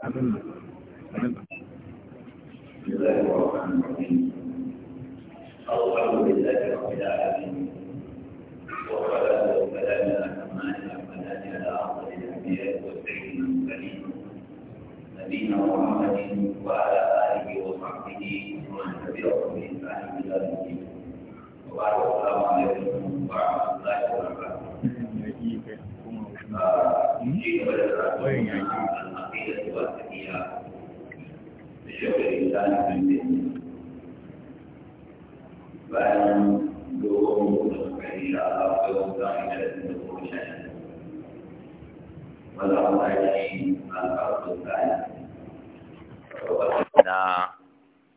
أمين أمين بسم الله الرحمن الرحيم الحمد لله رب العالمين والصلاة والسلام على الرحمن الرحمن على أفضل الأنبياء والسيد المرسلين نبينا محمد وعلى آله وصحبه ومن تبعهم بإحسان إلى يوم الدين وبعد السلام عليكم ورحمة الله وبركاته. shafi bayan da shi shi na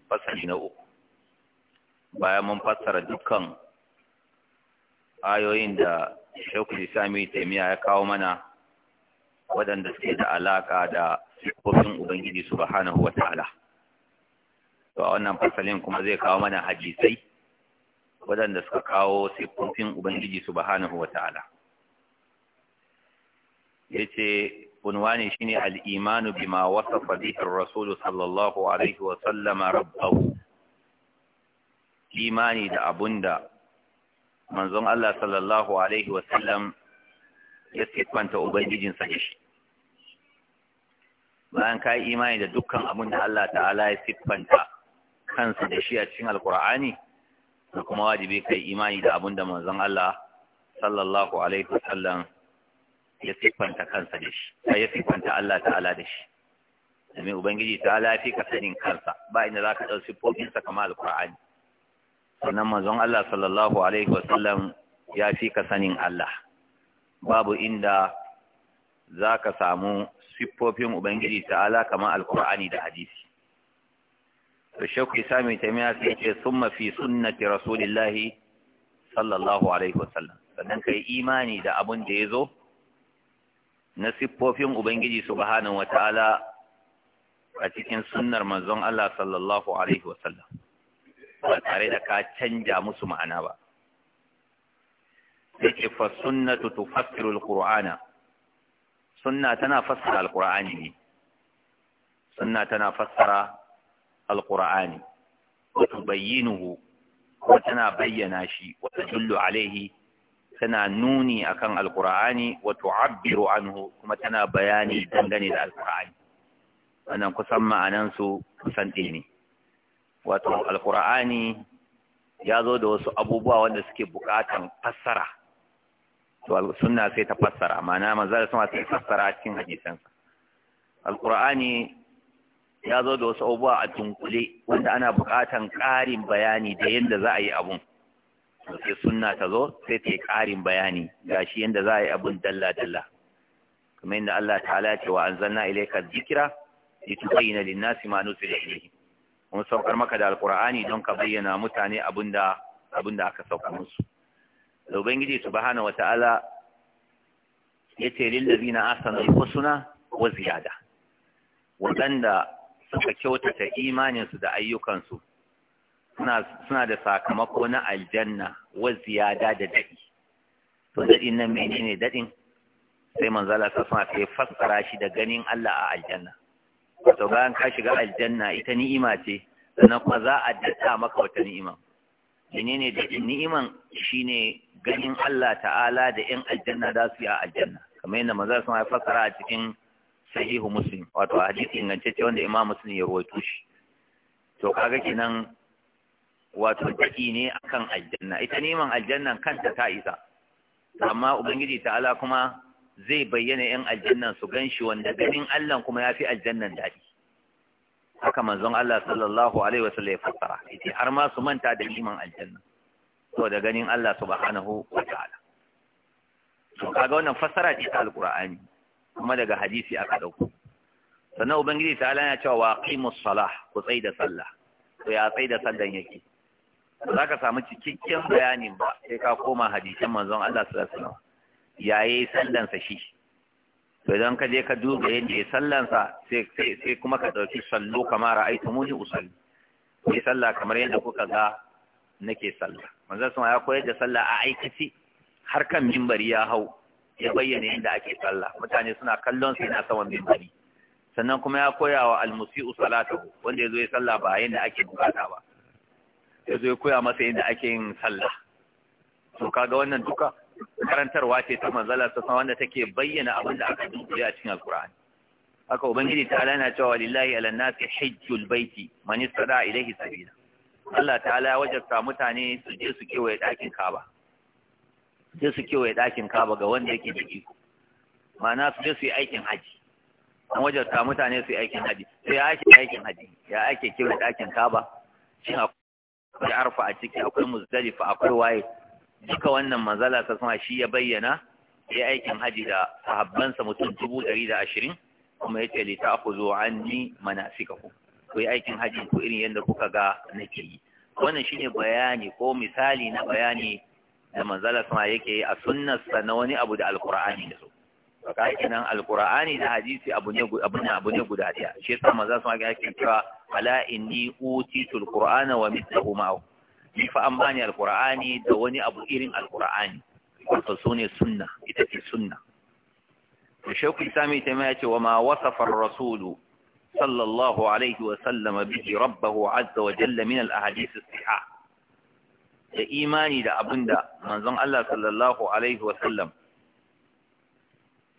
fasali na uku bayan mun fassara dukkan ayoyin da shekul islami taimiya ya kawo mana waɗanda suke da alaƙa da kofin ubangiji subhanahu wa ta'ala to a wannan fasalin kuma zai kawo mana hadisai waɗanda suka kawo siffofin ubangiji subhanahu wata'ala yace unwani shine al-imanu bima wasafa bihi ar-rasul sallallahu alaihi wa sallama rabbahu imani da abunda manzon Allah sallallahu alaihi wa sallam ya siffanta ubangijinsa da shi bayan ka yi imani da dukkan abin da Allah ta'ala ya siffanta kansa da shi a cikin alkur'ani da kuma wajibi kai imani da abin da manzon Allah sallallahu alaihi wasallam ya siffanta kansa da shi sai ya siffanta Allah ta'ala da shi domin ubangiji ta lafi ka sanin kansa ba inda za ka ɗau siffofinsa kama alkur'ani sannan manzon Allah sallallahu alaihi wasallam ya fi ka sanin Allah babu inda zaka samu siffofin ubangiji ta'ala kamar alkur'ani da hadisi to shekku isa mai taimiya sai ce sun mafi sunnati rasulillahi sallallahu alaihi wasallam sannan ka yi imani da abin da ya zo na siffofin ubangiji subhanahu wata'ala a cikin sunnar manzon Allah sallallahu alaihi wasallam ba tare da ka canja musu ma'ana ba sai ce fa sunnatu tufassiru alqur'ana sunna tana fassara alqur'ani ne sunna tana fassara alqur'ani wa tubayyinuhu ko tana bayyana shi wa tadullu alaihi tana nuni akan alqur'ani wa tu'abbiru anhu kuma tana bayani dangane da alqur'ani wannan kusan ma'anan su kusan ɗaya ne wato alqur'ani ya zo da wasu abubuwa wanda suke buƙatan fassara to sunna sai ta fassara ma'ana manzara sama sai fassara cikin hadisansa alqur'ani ya zo da wasu abubuwa a tunkule wanda ana buƙatan ƙarin bayani da yadda za a yi abun sai sunna ta zo sai ta yi ƙarin bayani ga shi yadda za a yi abun dalla-dalla kamar yadda Allah ta'ala ce wa an zanna ilaika zikira li tubayyana lin-nasi ma nuzila ilayhim mun saukar maka da alqur'ani don ka bayyana mutane abinda abinda aka sauka musu da ubangiji subhanahu wata'ala yace lil ladina ahsanu al-husna wa ziyada wadanda suka kyautata imaninsu da ayyukansu suna da sakamako na aljanna wa ziyada da daɗi to daɗin nan menene daɗin sai manzala sa suna sai fassara shi da ganin Allah a aljanna wato bayan ka shiga aljanna ita ni'ima ce sannan kuma za a daɗa maka wata ni'ima menene daɗin ni'iman shine ganin Allah ta'ala da 'yan aljanna za su yi a aljanna kamar yadda manzala suna fassara a cikin sahihu muslim wato hadisi ingantacce wanda imam muslim ya rawaito shi to kaga kinan wato taki ne akan aljanna ita neman aljannan kanta ta isa amma ubangiji ta'ala kuma zai bayyana yan aljannan su ganshi wanda ganin Allah kuma ya fi aljannan daɗi haka manzon Allah sallallahu alaihi wasallam ya fassara ita har ma su manta da neman aljanna to da ganin Allah subhanahu wa ta'ala to kaga wannan fassara ce ta alqur'ani kuma daga hadisi aka dauko sannan ubangiji ta ya cewa wa salah ku tsai da sallah to ya tsai da sallan yake za ka samu cikakken bayani ba sai ka koma hadisin manzon Allah sallallahu alaihi wasallam yayi sallan sa shi to idan ka je ka duba yadda ya sallan sa sai sai kuma ka dauki sallu kamar ra'aytumuni usalli ku sallah kamar yadda kuka ga nake sallah manzon sama ya koyar da sallah a aikaci har kan mimbari ya hau ya bayyana yadda ake sallah mutane suna kallon sai na saman mimbari sannan kuma ya koya wa almusi'u salatahu wanda ya zo ya sallah ba yadda ake bukata ba ya zo ya koya masa yadda ake yin sallah to ga wannan duka karantarwa ce ta manzala ta san wanda take bayyana abin da aka dunkule a cikin alkur'ani haka ubangiji ta alana cewa lillahi ala nasi hajjul baiti man istada ilayhi sabila Allah ta'ala ya wajabta mutane su je su kewaye ɗakin Ka'aba sai su kewaye ɗakin kaba ga wanda yake da iko ma'ana su je su yi aikin haji an wajarta mutane su yi aikin haji sai ya ake aikin haji ya ake kewaye ɗakin kaba shin akwai arfa a ciki akwai muzdalifa akwai waye duka wannan manzala ta kuma shi ya bayyana ya yi aikin haji da sahabbansa mutum dubu ɗari da ashirin kuma ya ce li ta ku zo an ni manasikaku ku yi aikin haji ku irin yadda kuka ga nake yi wannan shine bayani ko misali na bayani da manzala sama yake a sunnarsa na wani abu da alkur'ani da su baka kenan alkur'ani da hadisi abu ne guda ɗaya. shi yasa manzala sama yake cewa ala inni utitu alqur'ana wa mithluhu ma'ahu ni fa an bani alkur'ani da wani abu irin alkur'ani wato sune sunna ita ce sunna da shauku sami ta ma ce wa ma wasafar ar sallallahu alaihi wa sallama bihi rabbahu azza wa jalla min al-ahadith sahih da imani da abin da manzon Allah sallallahu alaihi wasallam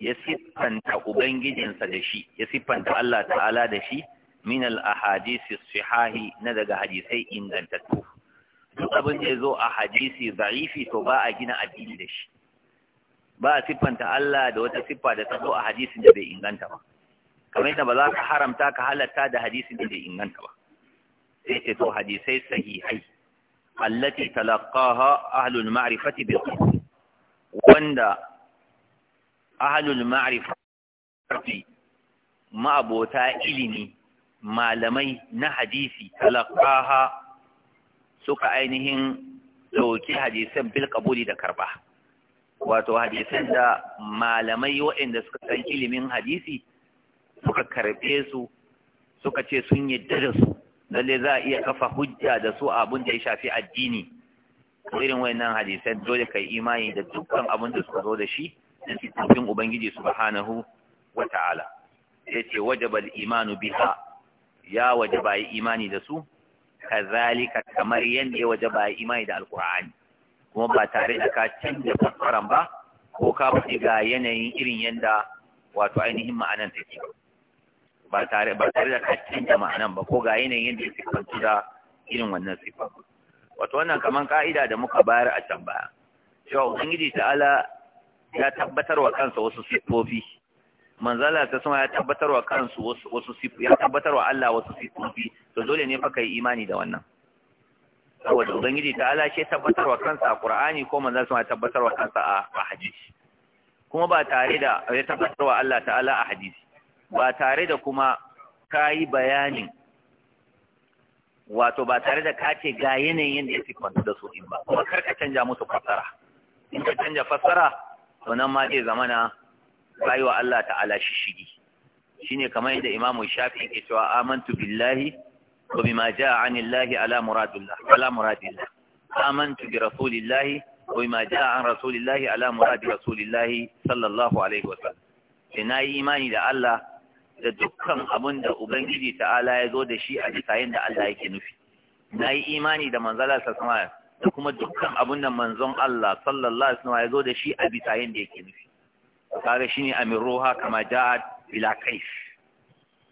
ya siffanta ubangijinsa da shi ya siffanta Allah ta'ala da shi min al-ahadisi sihahi na daga hadisai ingantattu duk abin da ya zo a hadisi zarifi to ba a gina addini da shi ba a siffanta Allah da wata siffa da ta zo a hadisin da bai inganta ba kamar yadda ba za ka haramta ka halatta da hadisin da bai inganta ba sai ce to hadisai sahihai allati talaqaha ahlul ma'rifati bil wanda ahlul ma'rifati ma'abota ilimi malamai na hadisi talaqaha suka ainihin dauki hadisan bil qabuli da karba wato hadisan da malamai waɗanda suka san ilimin hadisi suka karfe su suka ce sun yadda da su lalle za a iya kafa hujja da su abun da ya shafi addini irin wayannan hadisai dole kai imani da dukkan abun da suka zo da shi da cikin ubangiji subhanahu wata'ala yace wajaba al-imanu biha ya wajaba imani da su kazalika kamar yanda ya wajaba imani da alqur'ani kuma ba tare da ka canza fassaran ba ko ka fi ga yanayin irin yanda wato ainihin ma'anan take ba ba tare ba tare da kacin da ma'anan ba ko ga yanayin yadda ya kwanci da irin wannan sifa wato wannan kaman ka'ida da muka bayar a can baya cewa ubangiji ta'ala ya tabbatar wa kansa wasu sifofi manzala ta suma ya tabbatar wa kansu wasu sifofi ya tabbatar wa Allah wasu sifofi to dole ne fa kai imani da wannan saboda ubangiji ta'ala shi tabbatar wa kansa a Qur'ani ko manzala suna ya tabbatar wa kansa a hadisi kuma ba tare da ya tabbatar wa Allah ta'ala a hadisi ba tare da kuma ka yi bayanin wato ba tare da ka ce ga yanayin yadda ya fi kwanta da su in ba kuma kar ka canja musu fassara in ka canja fassara to nan ma zai zamana ka yi wa Allah ta'ala shishigi shine kamar yadda Imamu Shafi ke cewa amantu billahi wa bima jaa anillahi ala muradillah ala muradillah amantu bi rasulillahi wa bima jaa an rasulillahi ala muradi rasulillahi sallallahu alaihi wa sallam sai na yi imani da Allah da dukkan abin da Ubangiji ta'ala ya zo da shi a bisa da Allah yake nufi. Na yi imani da manzala ta da kuma dukkan abin da manzon Allah sallallahu Alaihi ya zo da shi a bisa da yake nufi. Kaga shi ne amin roha kama ja'ad bila kaif.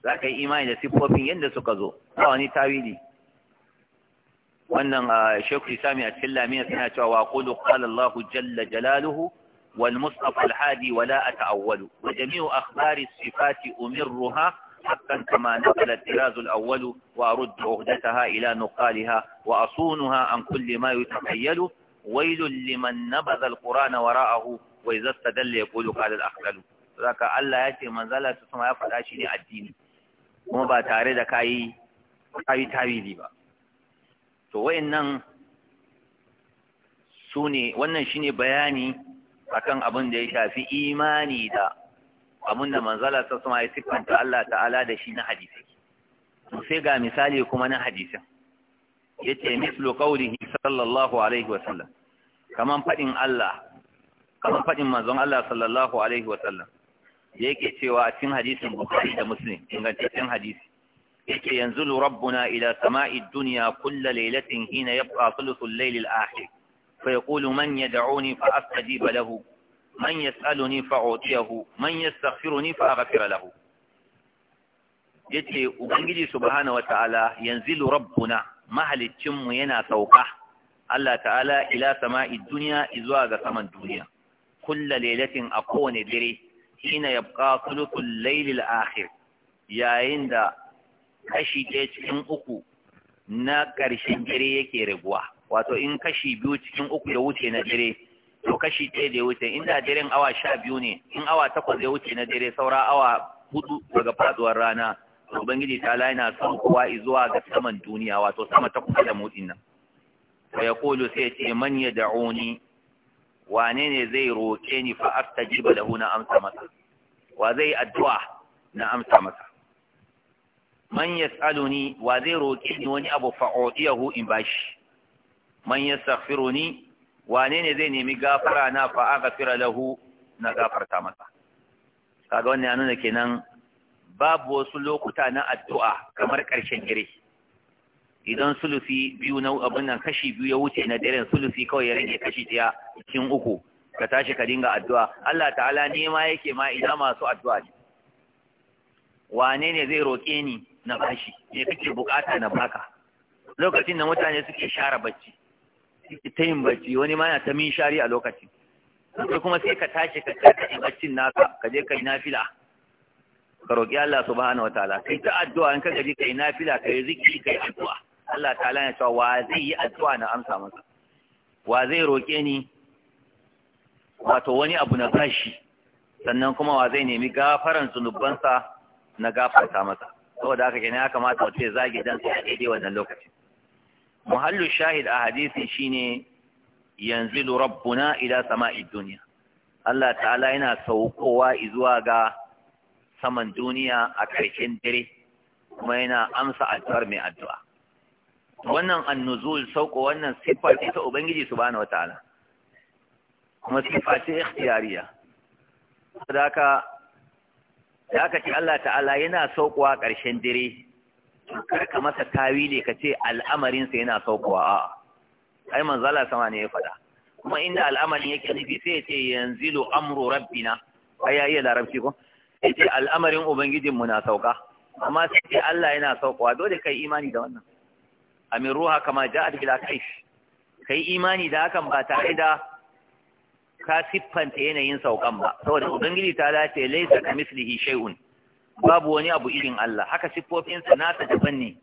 Za ka yi imani da siffofin yadda suka zo, ba wani tawili. Wannan ah, Shekhu Isami a cikin lamina suna cewa wa qulu qala Allahu jalla jalaluhu والمصطفى الهادي ولا أتأول وجميع أخبار الصفات أمرها حقا كما نقل الطراز الأول وأرد عهدتها إلى نقالها وأصونها عن كل ما يتخيل ويل لمن نبذ القرآن وراءه وإذا استدل يقول قال الأخلل ذاك الله يأتي من ذلك ثم يفعل شيء الدين kuma ba tare da kayi kayi tawili ba to wayannan su ne wannan shine bayani akan abin da ya shafi imani da abin da manzala ta suma ya siffanta Allah ta'ala da shi na hadisi sai ga misali kuma na hadisin ce mislu qawlihi sallallahu alaihi wa sallam kaman fadin Allah kaman fadin manzon Allah sallallahu alaihi wa sallam yake cewa a cikin hadisin Bukhari da Muslim ingantaccen hadisi yake yanzu rabbuna ila sama'id dunya kulla lailatin hina yabqa thuluthul layl al-akhir فيقول من يدعوني فأستجيب له من يسألني فأعطيه من يستغفرني فأغفر له yace ubangiji subhanahu wataala yanzilu rabbuna mahalicin mu yana sauka Allah ta'ala ila sama'i dunya zuwa ga saman duniya Kulla lailatin a kowane dare hina yabqa thuluthul laylil akhir yayin da kashi ɗaya cikin uku na ƙarshen dare yake raguwa wato in kashi biyu cikin uku ya wuce na dare to kashi ɗaya da ya wuce inda daren awa sha biyu ne in awa takwas ya wuce na dare saura awa hudu daga faduwar rana to ubangiji ta la yana son kowa zuwa ga saman duniya wato sama ta kusa da motsin nan fa kolo sai ce man yad'uni wane ne zai roke ni fa astajiba lahu na amsa masa wa zai addu'a na amsa masa man yas'aluni wa zai roke ni wani abu fa in bashi man yastaghfiruni wane ne zai nemi gafara na fa fira lahu na gafarta masa kaga wannan ya nuna kenan babu wasu lokuta na addu'a kamar ƙarshen dire. idan sulusi biyu na abin nan kashi biyu ya wuce na daren sulusi kawai ya rage kashi ɗaya cikin uku ka tashi ka dinga addu'a Allah ta'ala nema yake ma ina masu addu'a ne wane ne zai roƙe ni na bashi me kake bukata na baka lokacin da mutane suke share bacci ta yin bacci wani ma yana ta min shari a lokaci. sai kuma sai ka tashi ka kai baccin naka ka je kai nafila ka roƙi Allah subhanahu wataala kai ta addu'a in ka gaji kai nafila kai zikiri kai addu'a Allah ta'ala ya cewa wa zai yi addu'a na amsa masa wa zai roƙe ni wato wani abu na kashi? sannan kuma wa zai nemi gafaran zunubansa na gafarta masa saboda haka kenan ya kamata mutum ya zage dan sai a daidai wannan lokacin muhallu shahid a hadisi shine yanzilu rabbuna ila sama'id duniya Allah ta'ala yana saukowa zuwa ga saman duniya a ƙarshen dare kuma yana amsa addu'ar mai addu'a wannan annuzul sauko wannan siffar ta ubangiji subhanahu wataala kuma siffa ce ikhtiyariya saboda haka da aka ce Allah ta'ala yana saukowa ƙarshen dare karka masa tawili ka ce al'amarinsa yana saukowa a ai manzala sama ne ya faɗa kuma inda al'amarin yake nufi sai ya ce yanzilu amru rabbina ai ya iya larabci ko sai ce al'amarin ubangijinmu na sauka amma sai ce Allah yana saukowa dole kai imani da wannan amin ruha kama ja'at bila kaish kai imani da hakan ba tare da ka siffanta yanayin saukan ba saboda ubangiji ta dace laysa kamislihi shay'un babu wani abu irin Allah haka siffofinsa nasa daban ne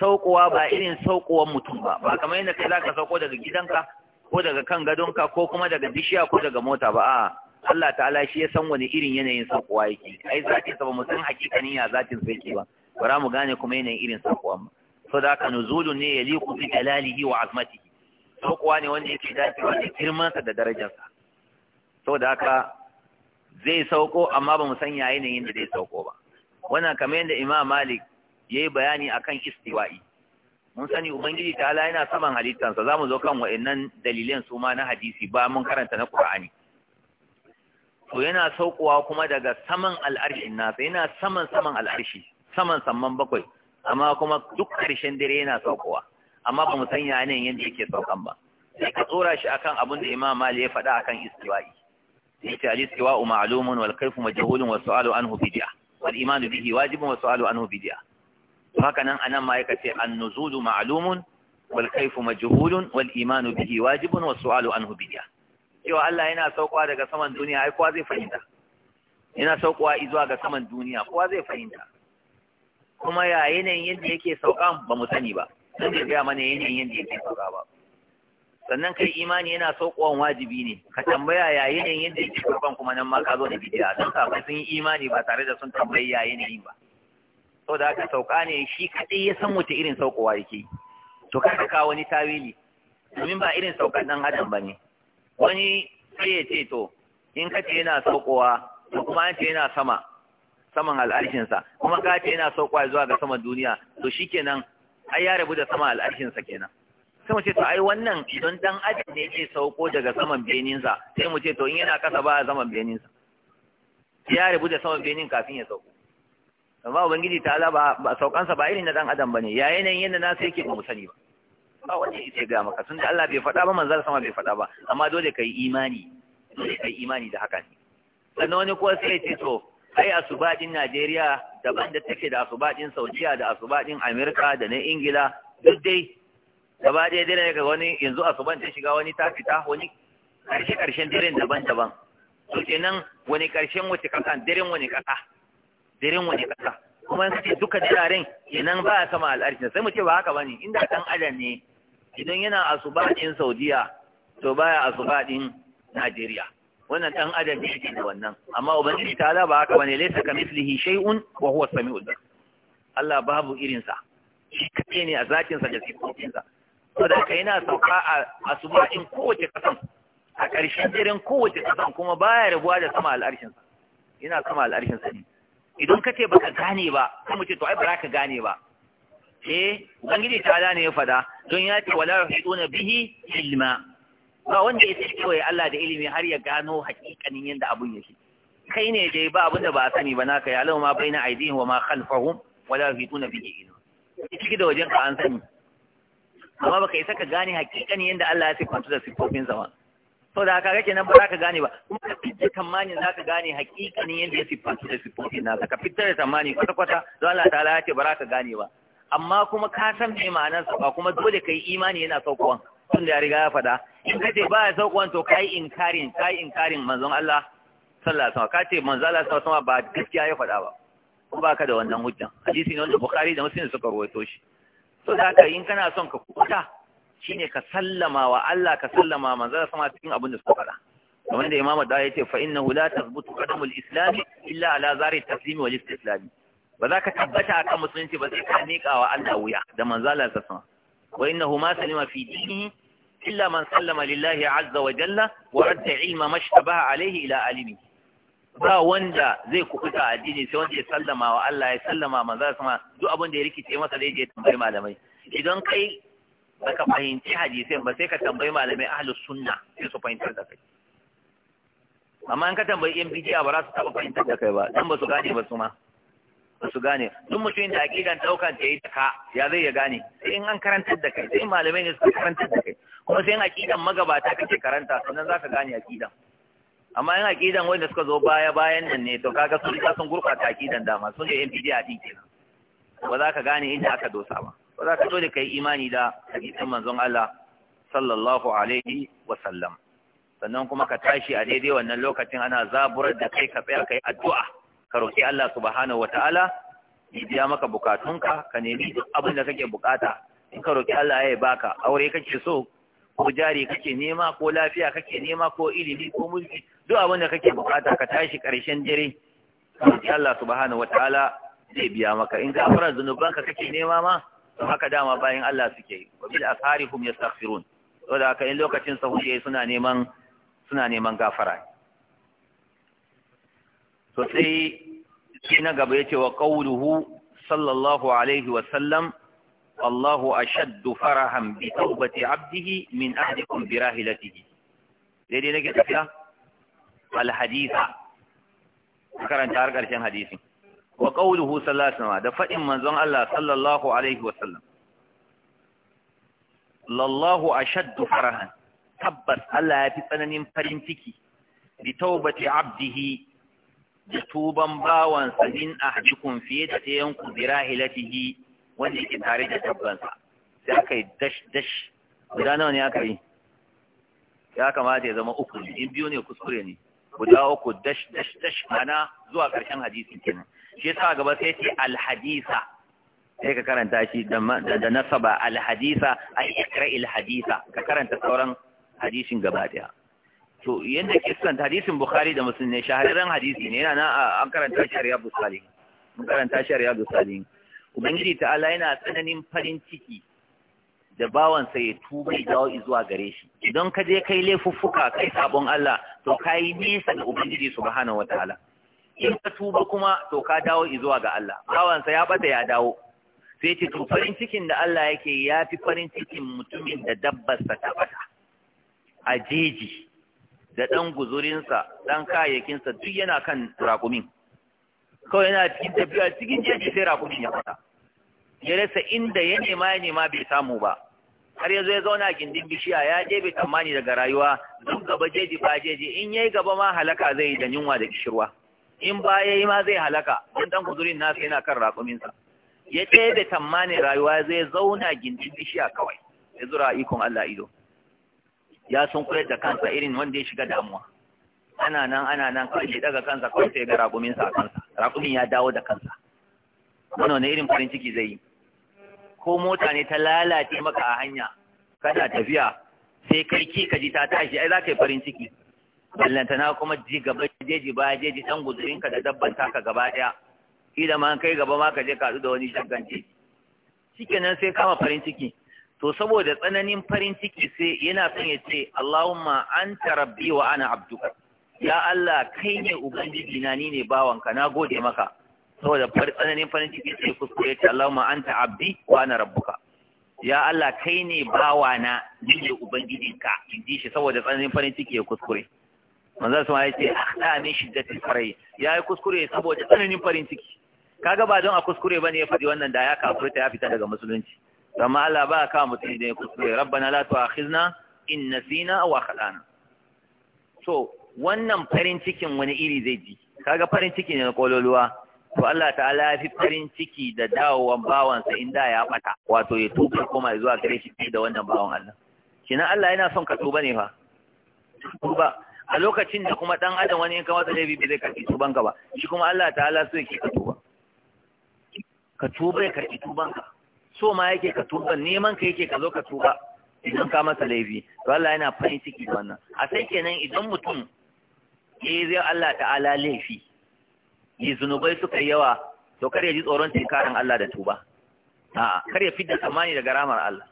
saukowa ba irin saukowar mutum ba ba kamar yadda kai zaka sauko daga gidanka ko daga kan gadonka ko kuma daga bishiya ko daga mota ba a'a Allah ta'ala shi ya san wani irin yanayin saukowa yake ai zaki ta ba mu san hakikanin ya zatin sai ke ba bara mu gane kuma yanayin irin saukowa ba so da haka nuzulun ne ya liku bi jalalihi wa azmatihi saukowa ne wanda yake da girman sa da darajarsa saboda haka zai sauko amma ba mu san yanayin da zai sauko ba wannan kamar yadda Imam Malik yayi bayani akan istiwa'i mun sani ubangiji ta ta'ala yana saman halittansa mu zo kan wa'annan dalilan su ma na hadisi ba mun karanta na Qur'ani to yana saukowa kuma daga saman al'arshin nasa yana saman saman al'arshi saman saman bakwai amma kuma duk karshen dare yana saukowa amma ba mu san yanayin yadda yake saukan ba sai ka tsora shi akan abin da Imam Malik ya faɗa akan istiwa'i yace al-istiwa'u ma'lumun wal kayfu majhulun wa su'alu anhu bid'ah wal imanu bihi wajibun wa su'alu anhu bid'ah haka nan anan ma yake ce an-nuzulu ma'lumun wal kayfu majhulun wal Allah yana saukowa daga saman duniya ai kowa zai fahimta yana saukowa izuwa ga saman duniya kowa zai fahimta kuma ya yanayin yadda yake sauka ba mu sani ba dan da ga mana yanayin yadda yake sauƙa ba sannan kai imani yana saukowan wajibi ne ka tambaya yayin yanayin yadda yake karban kuma nan ma ka zo da bidiya don ka sun yi imani ba tare da sun tambayi ya yanayin ba da haka sauka ne shi kadai ya san wata irin saukowa yake to kada ka wani tawili domin ba irin saukan ɗan adam ba ne wani sai ya ce to in ka ce yana saukowa to kuma an ce yana sama saman al'arshinsa kuma ka ce yana saukowa zuwa ga saman duniya to shikenan ai ya rabu da sama al'arshinsa kenan sai mu ce to ai wannan idan dan adam ne ke sauko daga saman beninsa sai mu ce to in yana kasa ba a saman beninsa ya rubu da saman benin kafin ya sauko amma ubangiji ta ala ba saukansa ba irin na dan adam bane ya yanayin yadda na sai yake ba mu sani ba ba wani yake ga maka tunda Allah bai faɗa ba manzon sama bai faɗa ba amma dole kai imani dole kai imani da haka ne sannan wani kuwa sai ya ce to ai asubadin Najeriya daban da take da asubadin Saudiya da asubadin Amerika da na Ingila duk dai gaba ɗaya ne ga wani yanzu asuban ta shiga wani ta fita wani ƙarshe ƙarshen daren daban-daban to kenan wani ƙarshen wace ƙasa daren wani ƙasa daren wani ƙasa kuma in kace duka diraren kenan ba a sama al'arshi sai mu ce ba haka bane inda dan adam ne idan yana asuba ɗin Saudiya to baya asuba ɗin Najeriya wannan dan adam ne shi da wannan amma ubangiji ta ba haka bane laysa kamislihi shay'un wa huwa samiul Allah babu irinsa shi kake ne a sa da sifofinsa saboda da ka na sauka a asuba'in kowace kasan a ƙarshen jirin kowace kasan kuma baya rabuwa da sama al'arshinsa yana sama al'arshinsa ne idan kace ka gane ba sai mu ce to ai ba za ka gane ba eh ubangiji ta ne ya fada don ya ce wala yuhiduna bihi ilma ba wanda ya ce kawai Allah da ilimi har ya gano hakikanin yadda abun yake kai ne dai ba abin da ba a sani ba naka ya lau ma baina aidihim wa ma khalfahum wala yuhiduna bihi ilma ciki da wajen ka an sani amma baka isa ka gane hakikani yadda Allah ya sifantu da sifofin sa ba da haka kake nan ba za ka gane ba kuma ka da tamani za ka gane hakikani yadda ya sifantu da sifofin nasa ka fitar da tamani kwata kwata don Allah ta'ala ya ce ba za ka gane ba amma kuma ka san me ma'anar sa ba kuma dole kai imani yana saukowan tun da ya riga ya faɗa in ka ce ba ya saukowan to kai inkarin kai inkarin manzon Allah sallallahu alaihi wasallam ka ce manzon Allah sallallahu alaihi wasallam ba gaskiya ya faɗa ba ko ba ka da wannan hujjan hadisi ne wanda Bukhari da Muslim suka rawaito shi so da ka in kana son ka kuta shine ka sallama wa Allah ka sallama manzara sama cikin abin da suka faɗa kamar da imamu da ya ce fa innahu la tazbutu qadamul islam illa ala zari taslimi wal istislam ba za ka tabbata akan musulunci ba zai ka miƙa wa Allah wuya da manzara sa sama wa innahu huma salima fi dinihi illa man sallama lillahi azza wa jalla wa radda ilma mashtabaha alayhi ila alimi ba wanda zai kubuta addini sai wanda ya sallama wa Allah ya sallama manzo sama duk abin da ya rikice masa zai je tambayi malamai idan kai baka fahimci hadisin ba sai ka tambayi malamai ahlus sunna sai su fahimtar da kai amma in ka tambayi yan bidiya ba za su taɓa fahimtar da kai ba dan ba su gane ba su ma ba su gane duk mutumin da aqidan daukan ta yi ta ka ya zai ya gane sai in an karantar da kai sai malamai ne suka karantar da kai kuma sai in aqidan magabata kake karanta sannan zaka gane aqidan amma yan akidan wanda suka zo baya bayan nan ne to kaga sun ka sun gurbata akidan dama sun je MPD a din kenan ba za ka gane inda aka dosa ba ba za ka dole kai imani da hadisin manzon Allah sallallahu alaihi wa sallam sannan kuma ka tashi a daidai wannan lokacin ana zaburar da kai ka tsaya kai addu'a ka roki Allah subhanahu wataala ya biya maka bukatunka ka nemi duk abin da kake bukata in ka roki Allah ya baka aure kake so ko jari kake nema ko lafiya kake nema ko ilimi ko mulki duk abin da kake bukata ka tashi ƙarshen dare sai Allah subhanahu wataala zai biya maka in gafarar zunubanka kake nema ma to haka dama bayan Allah suke wa bil asharihum yastaghfirun saboda haka in lokacin sahur suna neman suna neman gafara to sai na gaba yace wa qawluhu sallallahu alaihi wa sallam Allahu ashaddu farahan bi tawbati abdihi min ahdikum bi rahilatihi daidai nake tafiya alhadisa karanta har ƙarshen hadisin wa qawluhu sallallahu alaihi wasallam da fadin manzon Allah sallallahu alaihi wasallam lallahu ashaddu farahan tabbas Allah ya fi tsananin farin ciki bi taubati abdihi da tuban bawansa min ahdikum fiye da tayan ku birahilatihi wanda yake tare da tabbansa sai aka yi dash dash guda nawa ne aka yi ya kamata ya zama uku in biyu ne kuskure ne guda uku dash dash dash mana zuwa ƙarshen hadisi kenan shi yasa gaba sai ce hadisa sai ka karanta shi da nasaba hadisa ai ikra hadisa ka karanta sauran hadisin gaba daya to yanda san hadisin bukhari da muslim ne shahararren hadisi ne yana an karanta shi riyadu salih mun karanta shi riyadu salih ubangiji ta'ala yana tsananin farin ciki da bawansa ya tuba ya dawo zuwa gare shi idan ka je kai laifuffuka kai sabon Allah to ka yi nesa da ubangiji subhanahu wataala in ka tuba kuma to ka dawo zuwa ga Allah bawansa ya bata ya dawo sai ce to farin cikin da Allah yake ya fi farin cikin mutumin da sa ta bata a jeji da ɗan dan ɗan sa duk yana kan turakumin. kawai yana cikin tafiya cikin jeji sai rakumin ya fata ya rasa inda ya nema ya nema bai samu ba har yazo ya zauna a gindin bishiya ya je bai tsammani daga rayuwa duk gaba jeji ba jeji in yayi gaba ma halaka zai da yunwa da kishirwa in ba yayi ma zai halaka don dan kudurin nasa yana kan rakuminsa ya je bai tsammani rayuwa zai zauna gindin bishiya kawai ya zura ikon Allah ido ya sun kure da kansa irin wanda ya shiga damuwa ana nan ana nan kawai shi daga kansa kawai sai ga rakuminsa a kansa rakumin ya dawo da kansa wannan irin farin ciki zai yi ko mota ne ta lalace maka a hanya kana tafiya sai kai ki ka ji ta tashi ai za ka yi farin ciki ballantana kuma ji gaba jeji ba jeji san guzurinka da dabban taka gaba daya kila ma kai gaba ma ka je ka da wani shagance shikenan sai kama farin ciki to saboda tsananin farin ciki sai yana son ya ce Allahumma anta rabbi wa ana abduka ya Allah kai ne ubangiji na ni ne bawanka na gode maka saboda tsananin farin ciki sai kuskure ce Allahumma anta abdi wa ana rabbuka ya Allah kai ne bawana ne ka, in ji shi saboda tsananin farin ciki ya kuskure manzon sama ya ce akhda min shiddati farai ya yi kuskure saboda tsananin farin ciki kaga ba don a kuskure bane ya faɗi wannan da ya kafurta ya fita daga musulunci amma Allah ba ka mutum idan ya kuskure rabbana la tu'akhizna in nasina aw akhtana So wannan farin cikin wani iri zai ji kaga farin ciki ne na kololuwa to Allah ta'ala ya fi farin ciki da dawowan bawansa in da ya bata wato ya tuba kuma zuwa gare shi da wannan bawan Allah kina Allah yana son ka tuba ne fa tuba a lokacin da kuma dan adam wani in ka masa laifi bai ka tuba ka ba shi kuma Allah ta'ala so yake ka tuba ka tuba ka karbi tuban ka so ma yake ka tuba neman ka yake ka zo ka tuba idan ka masa laifi to Allah yana farin ciki da wannan a sai kenan idan mutum ke eh, zai Allah ta'ala laifi yi zunubai suka yi yawa to kar ya ji tsoron tinkarin Allah da tuba a'a kar ya fidda tsammani daga ramar Allah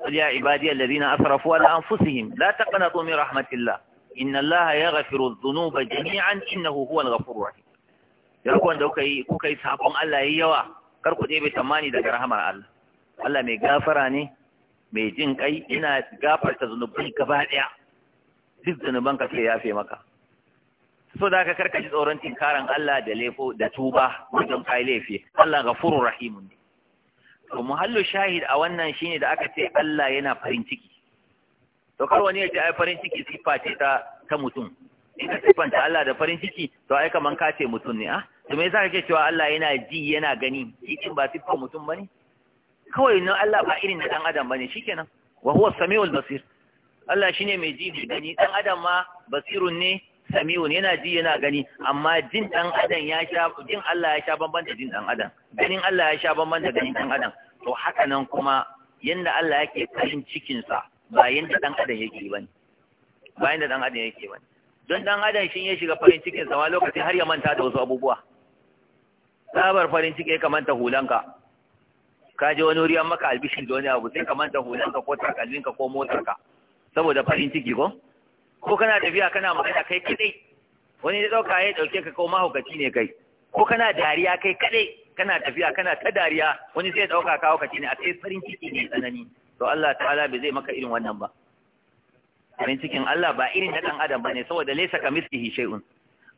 qul ya ibadiy allazina asrafu ala anfusihim la taqnatu min rahmatillah inna allaha yaghfiru dhunuba jami'an innahu huwal ghafurur rahim yar ku kuka yi kuka yi sabon Allah yayi yawa kar ku ɗebe tsammani daga rahmar Allah Allah mai gafara ne mai jin kai ina gafarta zunubai gaba daya duk ka sai yafe maka so da ka karkashi tsoron tinkaran Allah da lefo da tuba wajen kai laifi Allah ghafurur rahimun ne to muhallu shahid a wannan shine da aka ce Allah yana farin ciki to kar wani ya ce ai farin ciki sifa ce ta ta mutum idan ka sifanta Allah da farin ciki to ai kaman ka ce mutum ne ah to me yasa kake cewa Allah yana ji yana gani cikin ba sifa mutum bane kawai nan Allah ba irin na dan adam bane shikenan wa huwa samiul basir Allah shine mai ji mai gani dan adam ma basirun ne sami'un yana ji yana gani amma jin dan adam ya sha jin Allah ya sha bamban da jin dan adam ganin Allah ya sha bamban da ganin dan adam to haka nan kuma yanda Allah yake kashin cikin sa ba yanda dan adam yake bane ba yanda dan adam yake bane don dan adam shin ya shiga farin cikin sa ma lokacin har ya manta da wasu abubuwa sabar farin ciki ya manta hulanka ka je wani wuri maka albishin da wani abu sai ka manta hulanka ko takalminka ko motarka saboda farin ciki ko ko kana tafiya kana magana kai kadai wani da dauka ya dauke ka ko mahaukaci ne kai ko kana dariya kai kadai kana tafiya kana ta dariya wani zai dauka ka hukaci ne a kai farin ciki ne tsanani to Allah ta'ala bai zai maka irin wannan ba farin cikin Allah ba irin na dan adam bane saboda laysa kamislihi shay'un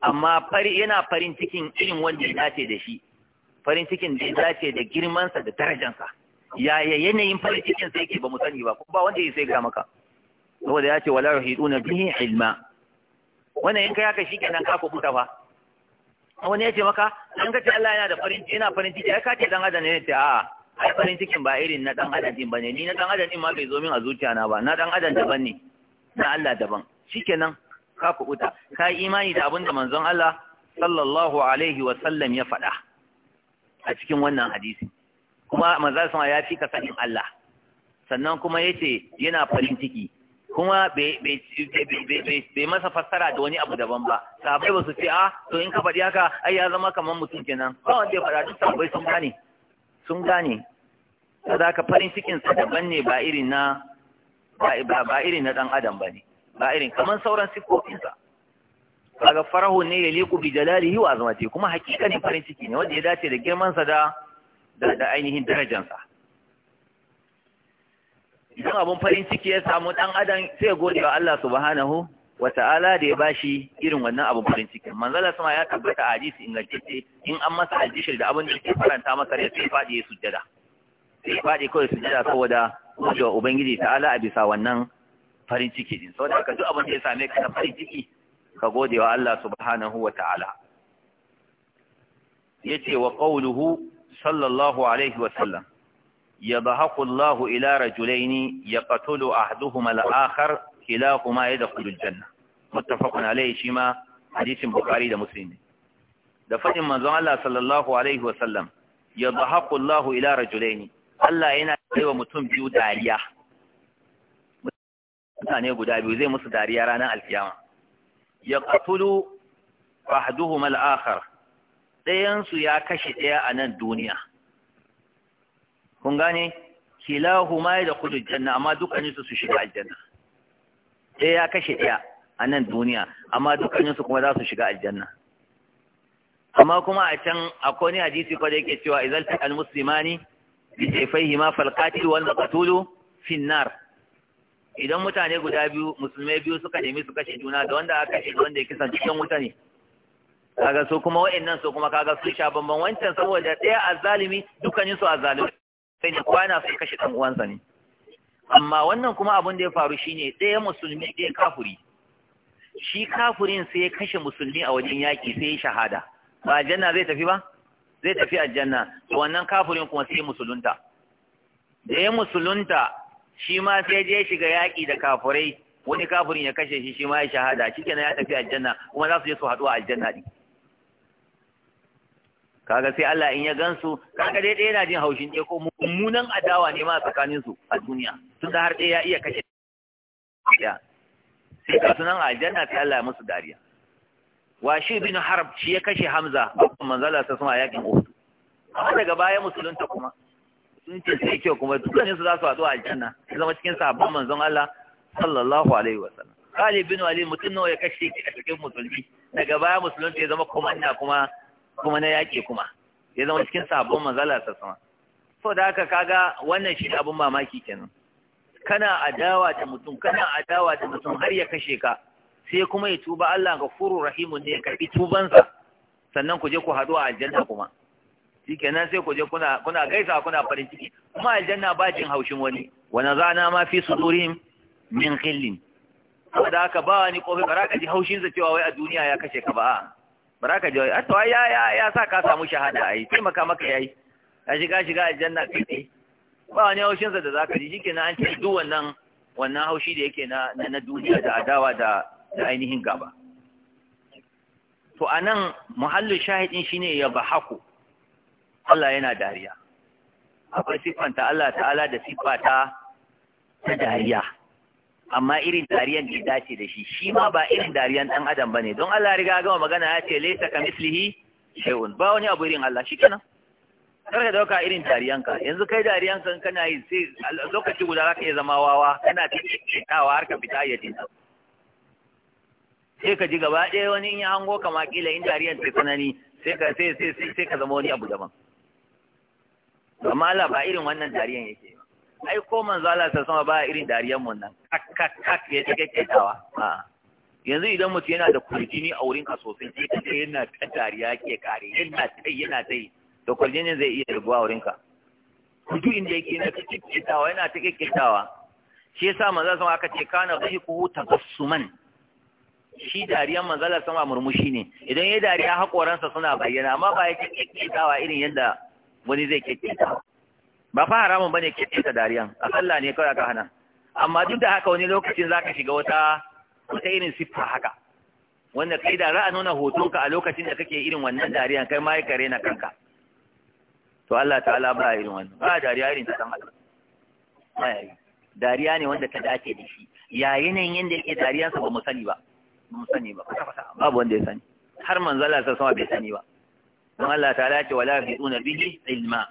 amma fari yana farin cikin irin wanda ya dace da shi farin cikin da ya dace da girmansa da sa yaya yanayin farin cikin sai yake ba mu sani ba ko ba wanda ya sai ga maka saboda ya ce wala na bihi ilma wannan in kai haka shikenan ka ku kuta fa wani ya ce maka an ka ce Allah yana da farin ciki yana farin ciki ya kace dan adam ne ce A ai farin cikin ba irin na dan adam din bane ni na dan adam din ma bai zo min a zuciya na ba na dan adam daban ne na Allah daban shikenan ka kubuta ka yi imani da abin da manzon Allah sallallahu alaihi wa sallam ya faɗa a cikin wannan hadisi kuma manzon Allah ya fi ka sanin Allah sannan kuma yace yana farin ciki kuma bai masa fassara da wani abu daban ba sahabai ba su ce a ah, to in ka faɗi haka ai ya zama kamar mutum kenan ba wanda ya faɗa duk sahabai sun gane sun gane saboda ka farin cikin sa daban ne ba irin na ba irin na dan adam bane ba irin kamar sauran sifofinsa kaga farahu ne ya liku bi jalalihi wa azmati kuma hakika ne farin ciki ne wanda ya dace da girman sa da da ainihin darajansa idan abin farin ciki ya samu ɗan adam sai gode wa Allah subhanahu ta'ala da ya bashi irin wannan abin farin ciki. manzala sama ya tabbata a hadisi ingantacce in an masa aljishir da abin da ke faranta masa ya sai fadi ya sujjada sai fadi ya sujjada saboda wa ubangiji ta'ala a bisa wannan farin ciki din saboda haka duk abin da ya same ka na farin ciki ka gode wa Allah subhanahu Ya yace wa qawluhu sallallahu alaihi wa sallam يضحك الله إلى رجلين يقتل أحدهما الآخر كلاهما يدخل الجنة متفق عليه شما حديث بخاري ده مسلم ده فإن من الله صلى الله عليه وسلم يضحك الله إلى رجلين Allah yana kaiwa mutum biyu dariya mutane guda biyu zai musu dariya ranar alkiyama ya qatulu ahduhuma al-akhar dayan ya kashe ɗaya a nan duniya kun gane kilahuma da kudu janna amma dukkaninsu su shiga aljanna sai ya kashe ɗaya a nan duniya amma dukkaninsu kuma za su shiga aljanna amma kuma a can akwai ni hadisi ko da yake cewa idan ta almuslimani bi jefaihi ma fal qatil wal maqtulu fi nar idan mutane guda biyu musulmai biyu suka nemi su kashe juna da wanda aka kashe da wanda ya kisan cikin wuta ne kaga su kuma wa'annan su kuma kaga su sha bamban wancan saboda ɗaya azzalimi dukkanin su azzalimi sai da kwana sai kashe ɗan uwansa ne amma wannan kuma abin da ya faru shine ɗaya musulmi ɗaya kafuri shi kafurin sai ya kashe musulmi a wajen yaƙi sai ya shahada ba aljanna zai tafi ba zai tafi aljanna to wannan kafurin kuma sai musulunta da ya musulunta shi ma sai je shiga yaƙi da kafurai wani kafurin ya kashe shi shi ma ya shahada shikenan ya tafi aljanna kuma za su je su haɗu a aljanna din kaga sai Allah in ya gansu kaga dai ɗaya yana jin haushin ɗaya ko mummunan adawa ne ma tsakanin su a duniya tun da har ɗaya ya iya kashe ya sai ka sunan aljanna sai Allah ya musu dariya wa shi bin harb shi ya kashe hamza babban manzala ta suna yakin uhud amma daga baya musulunta kuma sun ce sai kyau kuma dukkanin su za su haɗu a aljanna zama cikin sabon manzon Allah sallallahu alaihi wa sallam Ali bin Ali mutum nawa ya kashe a cikin musulmi daga baya musulunta ya zama komanda kuma kuma na yaƙi kuma ya zama cikin sabon manzala ta sama so da haka kaga wannan shi abin mamaki kenan kana adawa da mutum kana adawa da mutum har ya kashe ka sai kuma ya tuba Allah ga furu rahimun ne ya karbi tubansa sannan ku je ku haɗu a aljanna kuma shikenan sai ku je kuna kuna gaisa kuna farin ciki kuma aljanna ba jin haushin wani wa nazana ma fi sudurihim min qillin saboda haka ba wani kofi ba ka ji haushin sa cewa wai a duniya ya kashe ka ba bara za ka ji ah, ya ya ya sa ka samu shahada ai taimaka maka yayi ka shiga shiga aljanna kai ba wani haushin sa da zaka ji shikenan an ce duk wannan wannan haushi da yake na na duniya da adawa da da ainihin gaba to anan muhallu shahidin shine ya bahaku Allah yana dariya akwai siffanta Allah ta'ala da sifata ta dariya amma irin dariyan da dace da shi shi ma ba irin dariyan dan adam bane don Allah riga gama magana ya ce laysa kamislihi shay'un ba wani abu irin Allah shikenan kar ka dauka irin dariyan ka yanzu kai dariyan kan kana yi sai lokaci guda zaka iya zama wawa kana tawa har ka fita ya tinta sai ka ji gaba ɗaya wani in ya hango ma kila in dariyan ta tsanani sai ka sai sai sai ka zama wani abu daban amma Allah ba irin wannan dariyan yake ai ko manzo Allah ta sama ba irin dariyan mun nan kak kak ya take kaitawa yanzu idan mutum yana da kurjini a wurin asosin sai kace yana ta dariya ke kare yana sai yana sai to kurjinin zai iya rubuwa wurin ka duk inda yake yana ta kaitawa yana ta kaitawa shi yasa manzo sama aka ce kana dhiku tabassuman shi dariyan Allah sama murmushi ne idan ya dariya haƙoransa suna bayyana amma ba ya kyakkyawa irin yadda wani zai kyakkyawa ba fa haramun bane ke ta dariya a sallah ne kawai aka hana amma duk da haka wani lokacin zaka shiga wata wata irin siffa haka wanda kai da ra'a nuna hotonka a lokacin da kake irin wannan dariyan kai ma ya kare na kanka to Allah ta'ala ba irin wannan ba dariya irin ta san Allah dariya ne wanda ta dace da shi yayin nan yanda yake sa ba mu sani ba ba mu sani ba babu wanda ya sani har manzala sa sama bai sani ba don Allah ta'ala ce wala fi'una bihi ilma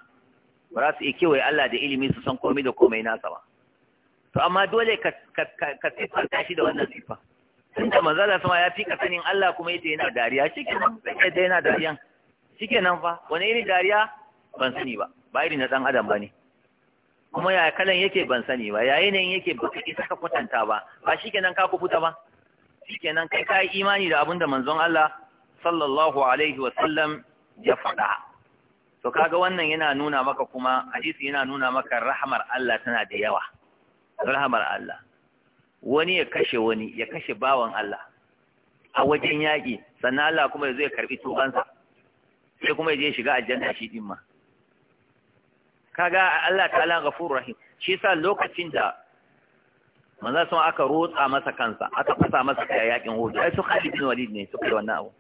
ba za su iya kewaye Allah da ilimi su san komai da komai nasa ba to amma dole ka ka ta shi da wannan siffa tunda manzala sama ya fi ka sanin Allah kuma yace yana dariya shikenan sai da yana dariyan nan fa wani irin dariya ban sani ba ba irin na dan adam ne. kuma ya kalan yake ban sani ba ya yanayin yake ba ka isa ka kwatanta ba ba nan ka kufuta ba nan kai ka yi imani da abin da manzon Allah sallallahu alaihi wa sallam ya faɗa to kaga wannan yana nuna maka kuma hadisi yana nuna maka rahmar Allah tana da yawa rahmar Allah wani ya kashe wani ya kashe bawan Allah a wajen yaƙi sannan Allah kuma ya zo ya karɓi tubansa sai kuma ya je shiga aljanna shi din ma kaga Allah ta'ala ghafurur rahim shi yasa lokacin da manzo sun aka rotsa masa kansa aka fasa masa kai yaƙin Uhud ai su Khalid bin Walid ne suka yi wannan abu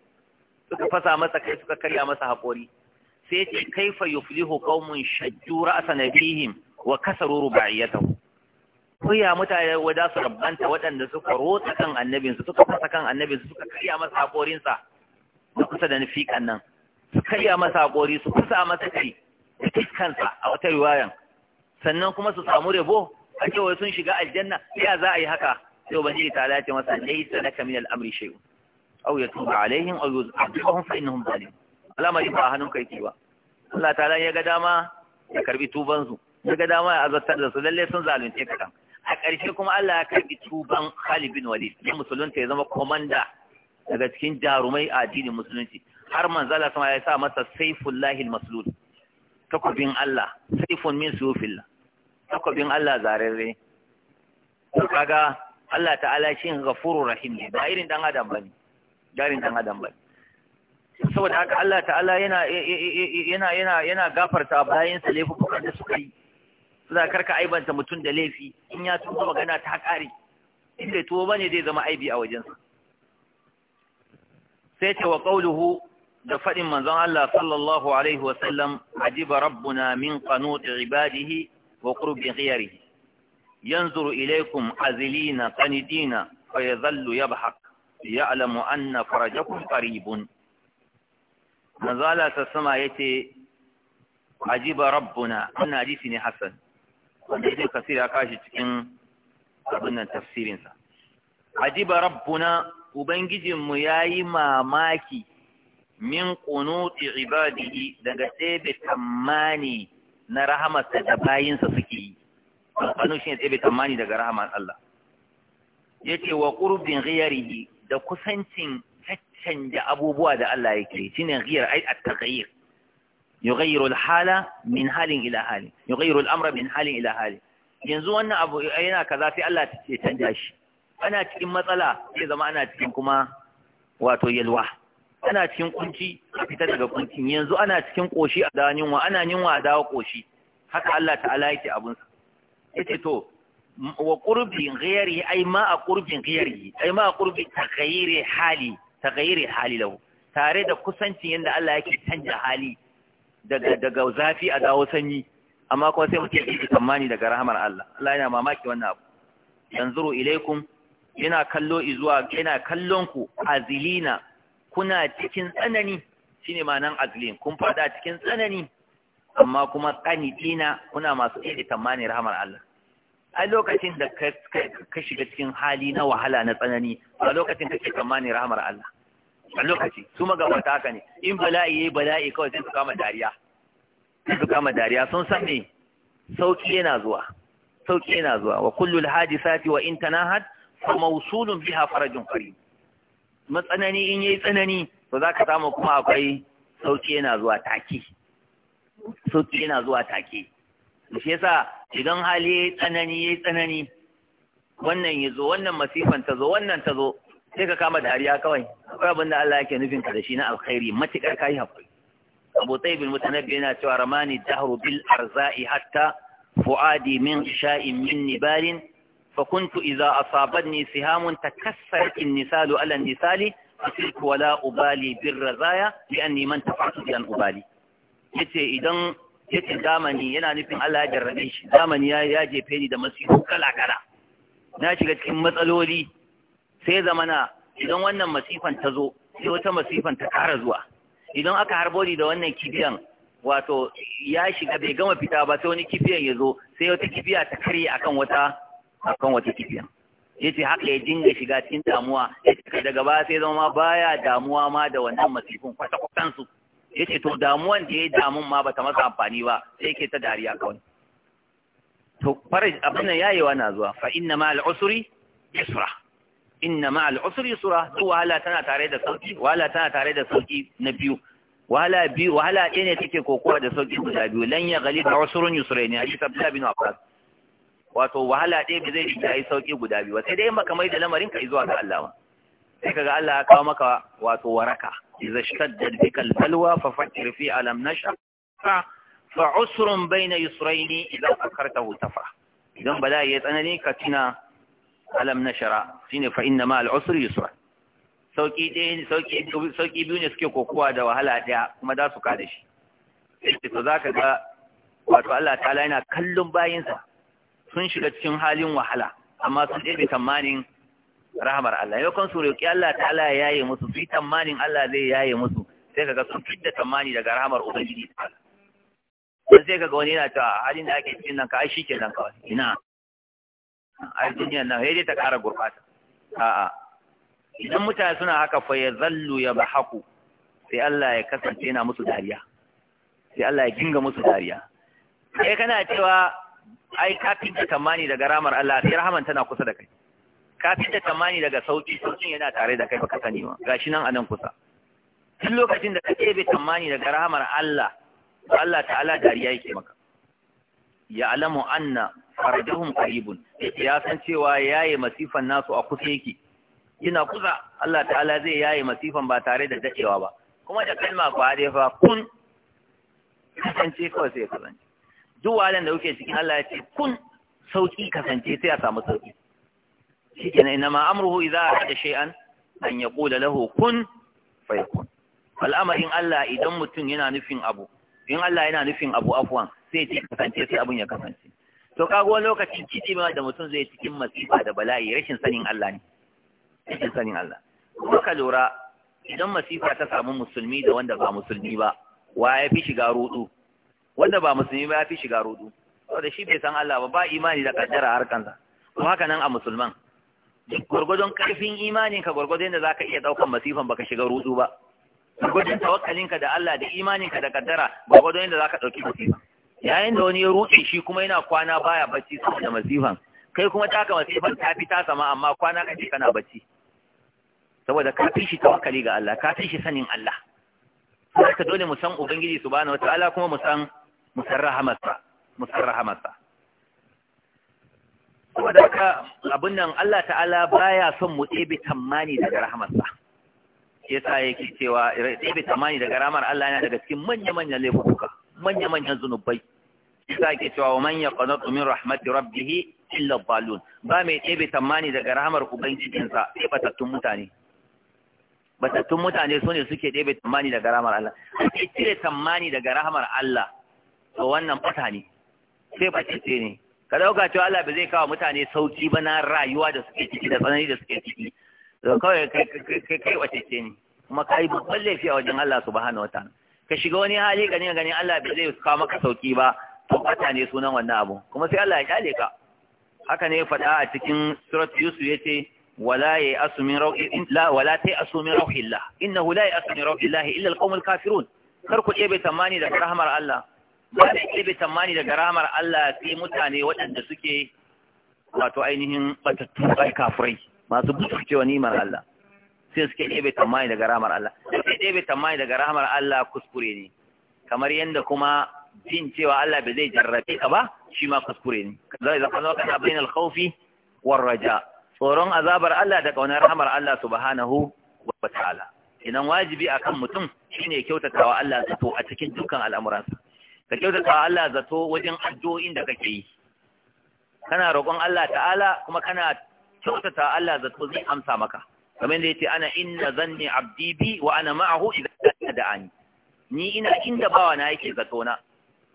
suka fasa masa kai suka karya masa haƙori sai ce kaifa yuflihu qaumun shajju ra'sa nabihim wa kasaru rubaiyatahu ko ya mutane wada su rabbanta waɗanda suka rotsa kan annabinsu suka fasa kan annabinsu suka karya masa haƙorinsa da kusa da nufiƙan nan su karya masa haƙori su kusa masa kai da kansa a wata riwayan sannan kuma su samu rabo a cewa sun shiga aljanna ya za a yi haka sai ubangiji ta lati masa laysa laka min al-amri shay'un aw yatuba alaihim aw yuzabihum fa innahum zalimun al'amari ba a hannun kai ke ba Allah ta ya ga dama ya karbi su ya ga dama ya azabtar da su lalle sun zalunce ka kan a ƙarshe kuma Allah ya karbi tuban Khalid bin Walid ya musulunta ya zama komanda daga cikin jarumai a addinin musulunci har manzala sama ya sa masa saifullahi al-maslul takobin Allah saifun min sufillah takobin Allah zararre kaga Allah ta'ala shi ghafurur rahim ne ba irin dan adam bane jarin dan adam bane saboda haka Allah ta'ala yana eh, eh, eh, yana yana yana gafarta bayan sa laifukan da suka yi za karka aibanta mutum da laifi in ya tuba magana ta hakari in bai tuba bane zai zama aibi a wajensa sai ce wa qauluhu da fadin manzon Allah sallallahu alaihi wa sallam ajiba rabbuna min qanut ibadihi wa qurb ghayrihi yanzuru ilaykum azilina qanidina fa yadhallu yabhaq ya'lamu anna farajakum qaribun manzo Allah sassama yace ajiba rabbuna wannan hadisi ne hasan wanda ibn kasir ya kashi cikin abin nan tafsirin sa ajiba rabbuna ubangijinmu ya yi mamaki min qunuti ibadihi daga tsebe na rahamarsa da bayinsa suke yi alfanu shi ne tsebe tamani daga rahamar Allah yace wa ƙurbin riyari da kusancin caccanja abubuwa da Allah yake shine ghayr ai at-taghayyur yughayyiru al-hala min halin ila halin yughayyiru al-amra min halin ila halin yanzu wannan abu yana kaza sai Allah ya canja shi ana cikin matsala sai zama ana cikin kuma wato yalwa ana cikin kunci a fita daga kuncin yanzu ana cikin koshi a dawo yunwa ana yunwa a dawo koshi haka Allah ta'ala yake abun sa yace to wa qurbin ghayri ai ma a qurbin ghayri ai ma a qurbin taghayyiri hali taghayyiri hali lahu tare da kusancin yadda Allah yake canja hali daga zafi a dawo sanyi amma kuma sai mutum yake tsammani daga rahamar Allah Allah yana mamaki wannan abu yanzuru ilaikum yana kallo izuwa yana kallon ku azilina kuna cikin tsanani shine ma'anan azlin kun fada cikin tsanani amma kuma Kanitina kuna masu iya tsammani rahamar Allah a lokacin da ka shiga cikin hali na wahala na tsanani a lokacin kake tsammanin rahamar Allah a lokaci su magabata haka ne in bala'i yayi bala'i kawai sai su kama dariya sai su kama dariya sun san me sauki yana zuwa sauki yana zuwa wa kullul hadisati wa in tanahat fa mawsulun biha farajun qarib matsanani in yayi tsanani to zaka samu kuma akwai sauki yana zuwa take sauki yana zuwa take shi yasa idan hali ya yi tsanani ya yi tsanani wannan ya zo wannan masifan ta zo wannan ta zo sai ka kama dariya kawai akwai abin da Allah yake nufin ka da shi na alkhairi matuƙar kayi haƙuri Abu Tayyib al-Mutanabbi yana cewa ramani dahru bil arza'i hatta fuadi min sha'in min nibalin fa kuntu idza asabatni sihamun takassarat an-nisalu ala nisali asilku wala ubali bir razaya li anni man tafatu bi an ubali yace idan yake zamani yana nufin Allah ya jarrabe shi zamani ya ya jefe ni da masifu kala kala na shiga cikin matsaloli sai zamana idan wannan masifan ta zo sai wata masifan ta kara zuwa idan aka harbo ni da wannan kibiyan wato ya shiga bai gama fita ba sai wani kibiyan ya zo sai wata kibiya ta karye akan wata akan wata kibiyan yace haka ya dinga shiga cikin damuwa daga baya sai zama baya damuwa ma da wannan masifin kwata kwatan su yace to damuwan da ya damun ma ba ta masa amfani ba sai yake ta dariya kawai to faraj abin nan yayewa na zuwa fa inna ma al'usuri ya yusra inna ma al'usuri usri yusra to wahala tana tare da sauki wahala tana tare da sauki na biyu wahala biyu wahala ɗaya ne take kokowa da sauki guda biyu lan ya gali da usurun yusra ne hadith Abdullah bin Abbas wato wahala ɗaya bai zai riga yi sauki guda biyu sai dai maka mai da lamarin ka zuwa ga Allah ba sai kaga Allah ya kawo maka wato waraka إذا اشتدت بك البلوى ففكر في ألم نشأ فعسر بين يسرين إذا فكرته تفرح إذن بلا يتأنني كتنا ألم نشر فإنما العسر يسرا sauki ɗaya ne sauki biyu ne suke kokowa da wahala ɗaya kuma za su kada shi to za ka ga wato Allah ta'ala yana kallon bayansa sun shiga cikin halin wahala amma sun ɗebe tamanin rahmar Allah kan su roƙi Allah ta'ala ya yaye musu fi tamanin Allah zai yaye musu sai kaga sun fidda tamani daga rahmar ubangiji Wani sai kaga wani yana ta halin da ake cikin nan ka ai nan kawai ina ai duniya nan sai dai ta ƙara gurɓata a'a idan mutane suna haka fa ya zallu ya bahaku sai Allah ya kasance yana musu dariya sai Allah ya kinga musu dariya sai kana cewa ai ka fidda tamani daga rahmar Allah sai rahman tana kusa da kai ka fita tamani daga sauki saukin yana tare da kai baka sani ba gashi nan anan kusa duk lokacin da ka bi tamani daga rahamar Allah Allah ta'ala dariya yake maka ya alamu anna farajahum qaribun ya san cewa yaye masifan nasu a kusa yake ina kusa Allah ta'ala zai yaye masifan ba tare da dacewa ba kuma da kalma ba dai fa kun kasance kawai sai kasance duk walan da kuke cikin Allah ya ce kun sauki kasance sai a samu sauki shi kenan ina ma amruhu idza arada shay'an an yaqula lahu kun fayakun al'amarin Allah idan mutum yana nufin abu in Allah yana nufin abu afwan sai ya kasance sai abun ya kasance to kago wani lokacin ciki ma da mutum zai cikin masifa da bala'i rashin sanin Allah ne rashin sanin Allah kuka lura idan masifa ta samu musulmi da wanda ba musulmi ba wa ya fi shiga rudu wanda ba musulmi ba ya fi shiga rudu saboda shi bai san Allah ba ba imani da kaddara sa. kuma haka nan a musulman gwargwadon karfin imaninka gwargwadon da zaka iya daukan masifan baka shiga rudu ba gwargwadon tawakkalinka da Allah da imaninka da kaddara gwargwadon yadda zaka dauki masifa yayin da wani ya rufe shi kuma yana kwana baya bacci saboda masifan kai kuma taka masifan ta fi ta sama amma kwana kake kana bacci saboda ka fi shi tawakkali ga Allah ka fi shi sanin Allah haka dole mu san ubangiji subhanahu wataala kuma mu san musarrahamarsa musarrahamarsa saboda haka abin nan Allah ta'ala baya son mu ɗebe tamani daga rahamarsa yasa yake cewa ɗebe tamani daga rahamar Allah yana daga cikin manya-manyan laifuka manya-manyan zunubai yasa yake cewa wa man yaqnatu min rahmati rabbihi illa dhalun ba mai ɗebe tamani daga rahamar ubangijinsa sai batattun mutane batattun mutane su ne suke ɗebe tamani daga rahamar Allah sai cire tamani daga rahamar Allah to wannan fata ne sai ba ce ne ka dauka cewa Allah ba zai kawo mutane sauki ba na rayuwa da suke ciki da tsanani da suke ciki to kawai kai kai kai wace ce ne kuma kai babban laifi a wajen Allah subhanahu wataala ka shiga wani hali ka ne ganin Allah ba zai kawo maka sauki ba to bata ne sunan wannan abu kuma sai Allah ya kyale ka haka ne faɗa a cikin surat Yusuf yace wala ya asu min rauhi la wala ta asu min rauhi Allah innahu la ya asu min rauhi Allah illa kafirun kar ku ɗebe tamani da rahmar Allah ba da ke bai tamani da garamar Allah sai mutane waɗanda suke wato ainihin batattu ai kafurai masu butucewa nimar Allah sai suke ɗebe tamani da garamar Allah sai ɗebe tamani daga ramar Allah kuskure ne kamar yadda kuma jin cewa Allah bai zai jarrabe ka ba shi ma kuskure ne zai zaka zaka na bainal khawfi war raja tsoron azabar Allah da kaunar rahmar Allah subhanahu wa ta'ala idan wajibi akan mutum shine kyautatawa Allah zato a cikin dukkan al'amuransa ka kyautata Allah zato wajen addu'o'in da kake yi kana roƙon Allah ta'ala kuma kana kyautata Allah zato zai amsa maka kamar da yace ana inna zanni abdi bi wa ana ma'ahu idan da da'ani ni ina inda bawa na yake zato na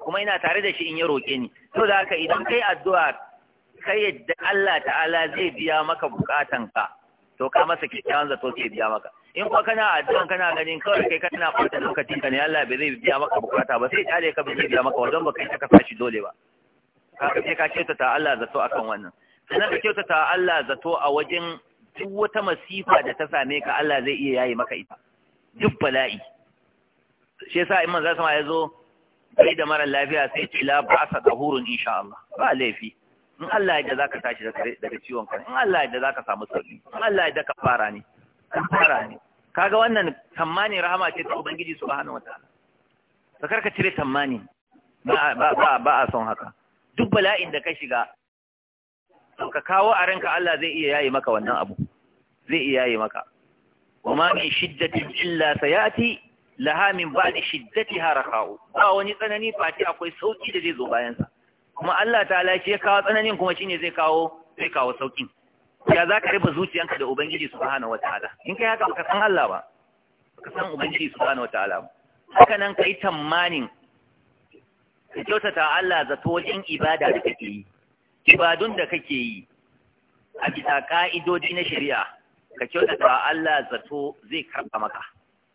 kuma ina tare da shi in ya roƙe ni to da haka idan kai addu'a kai yadda Allah ta'ala zai biya maka bukatanka to ka masa kyakkyawan zato zai biya maka in kuma kana addu'an kana ganin kawai kai kana fata lokacin ka ne Allah bai zai biya maka bukata ba sai tare ka biya maka wajen baka ka tashi shi dole ba ka sai ka kyautata Allah zato akan wannan sannan ka kyautata Allah zato a wajen duk wata masifa da ta same ka Allah zai iya yayi maka ita duk bala'i shi yasa in manzo sama ma zo bai da mara lafiya sai ce la sa tahurun insha Allah ba laifi in Allah ya da zaka tashi daga ciwon ka in Allah ya da zaka samu sauki in Allah ya da ka fara ne kafara ne kaga wannan tammani rahama ce ta ubangiji subhanahu wataala ka karka cire tammani ba a son haka duk bala'in da ka shiga to ka kawo a ranka Allah zai iya yayi maka wannan abu zai iya yayi maka wama min shiddatin illa sayati laha min ba'di hara kawo. ba wani tsanani fati akwai sauki da zai zo bayansa. kuma Allah ta'ala shi ya kawo tsananin kuma shine zai kawo zai kawo saukin ya za ka rufe zuciyanka da ubangiji subhanahu wataala in kai haka baka san Allah ba baka san ubangiji subhanahu wataala ba haka nan kai tammanin ka kyautata Allah zato wajen ibada da kake yi ibadun da kake yi a bisa ka'idodi na shari'a ka kyautata Allah zato zai karba maka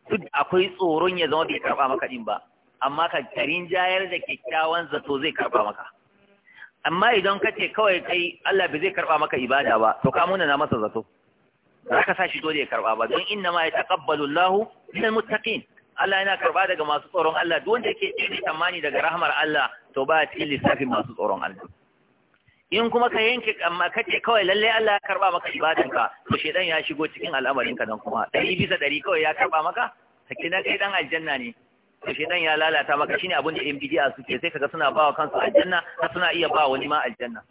duk akwai tsoron ya zama bai karba maka din ba amma ka karin jayar da kyakkyawan zato zai karba maka amma idan ka ce kawai kai Allah bai zai karba maka ibada ba to ka muna na masa zato za ka sa shi dole ya karba ba don inna ma ya taqabbalu Allahu minal muttaqin Allah yana karba daga masu tsoron Allah duk wanda yake cikin tsammani daga rahmar Allah to ba cikin lissafin masu tsoron Allah in kuma ka yanke amma kace kawai lalle Allah ya karba maka ka. to shedan ya shigo cikin al'amarin ka nan kuma ɗari bisa ɗari kawai ya karba maka Sakina kai dan aljanna ne to shedan ya lalata maka shine abin da yan bid'a suke sai kaga suna bawa kansu aljanna har suna iya ba wani ma aljanna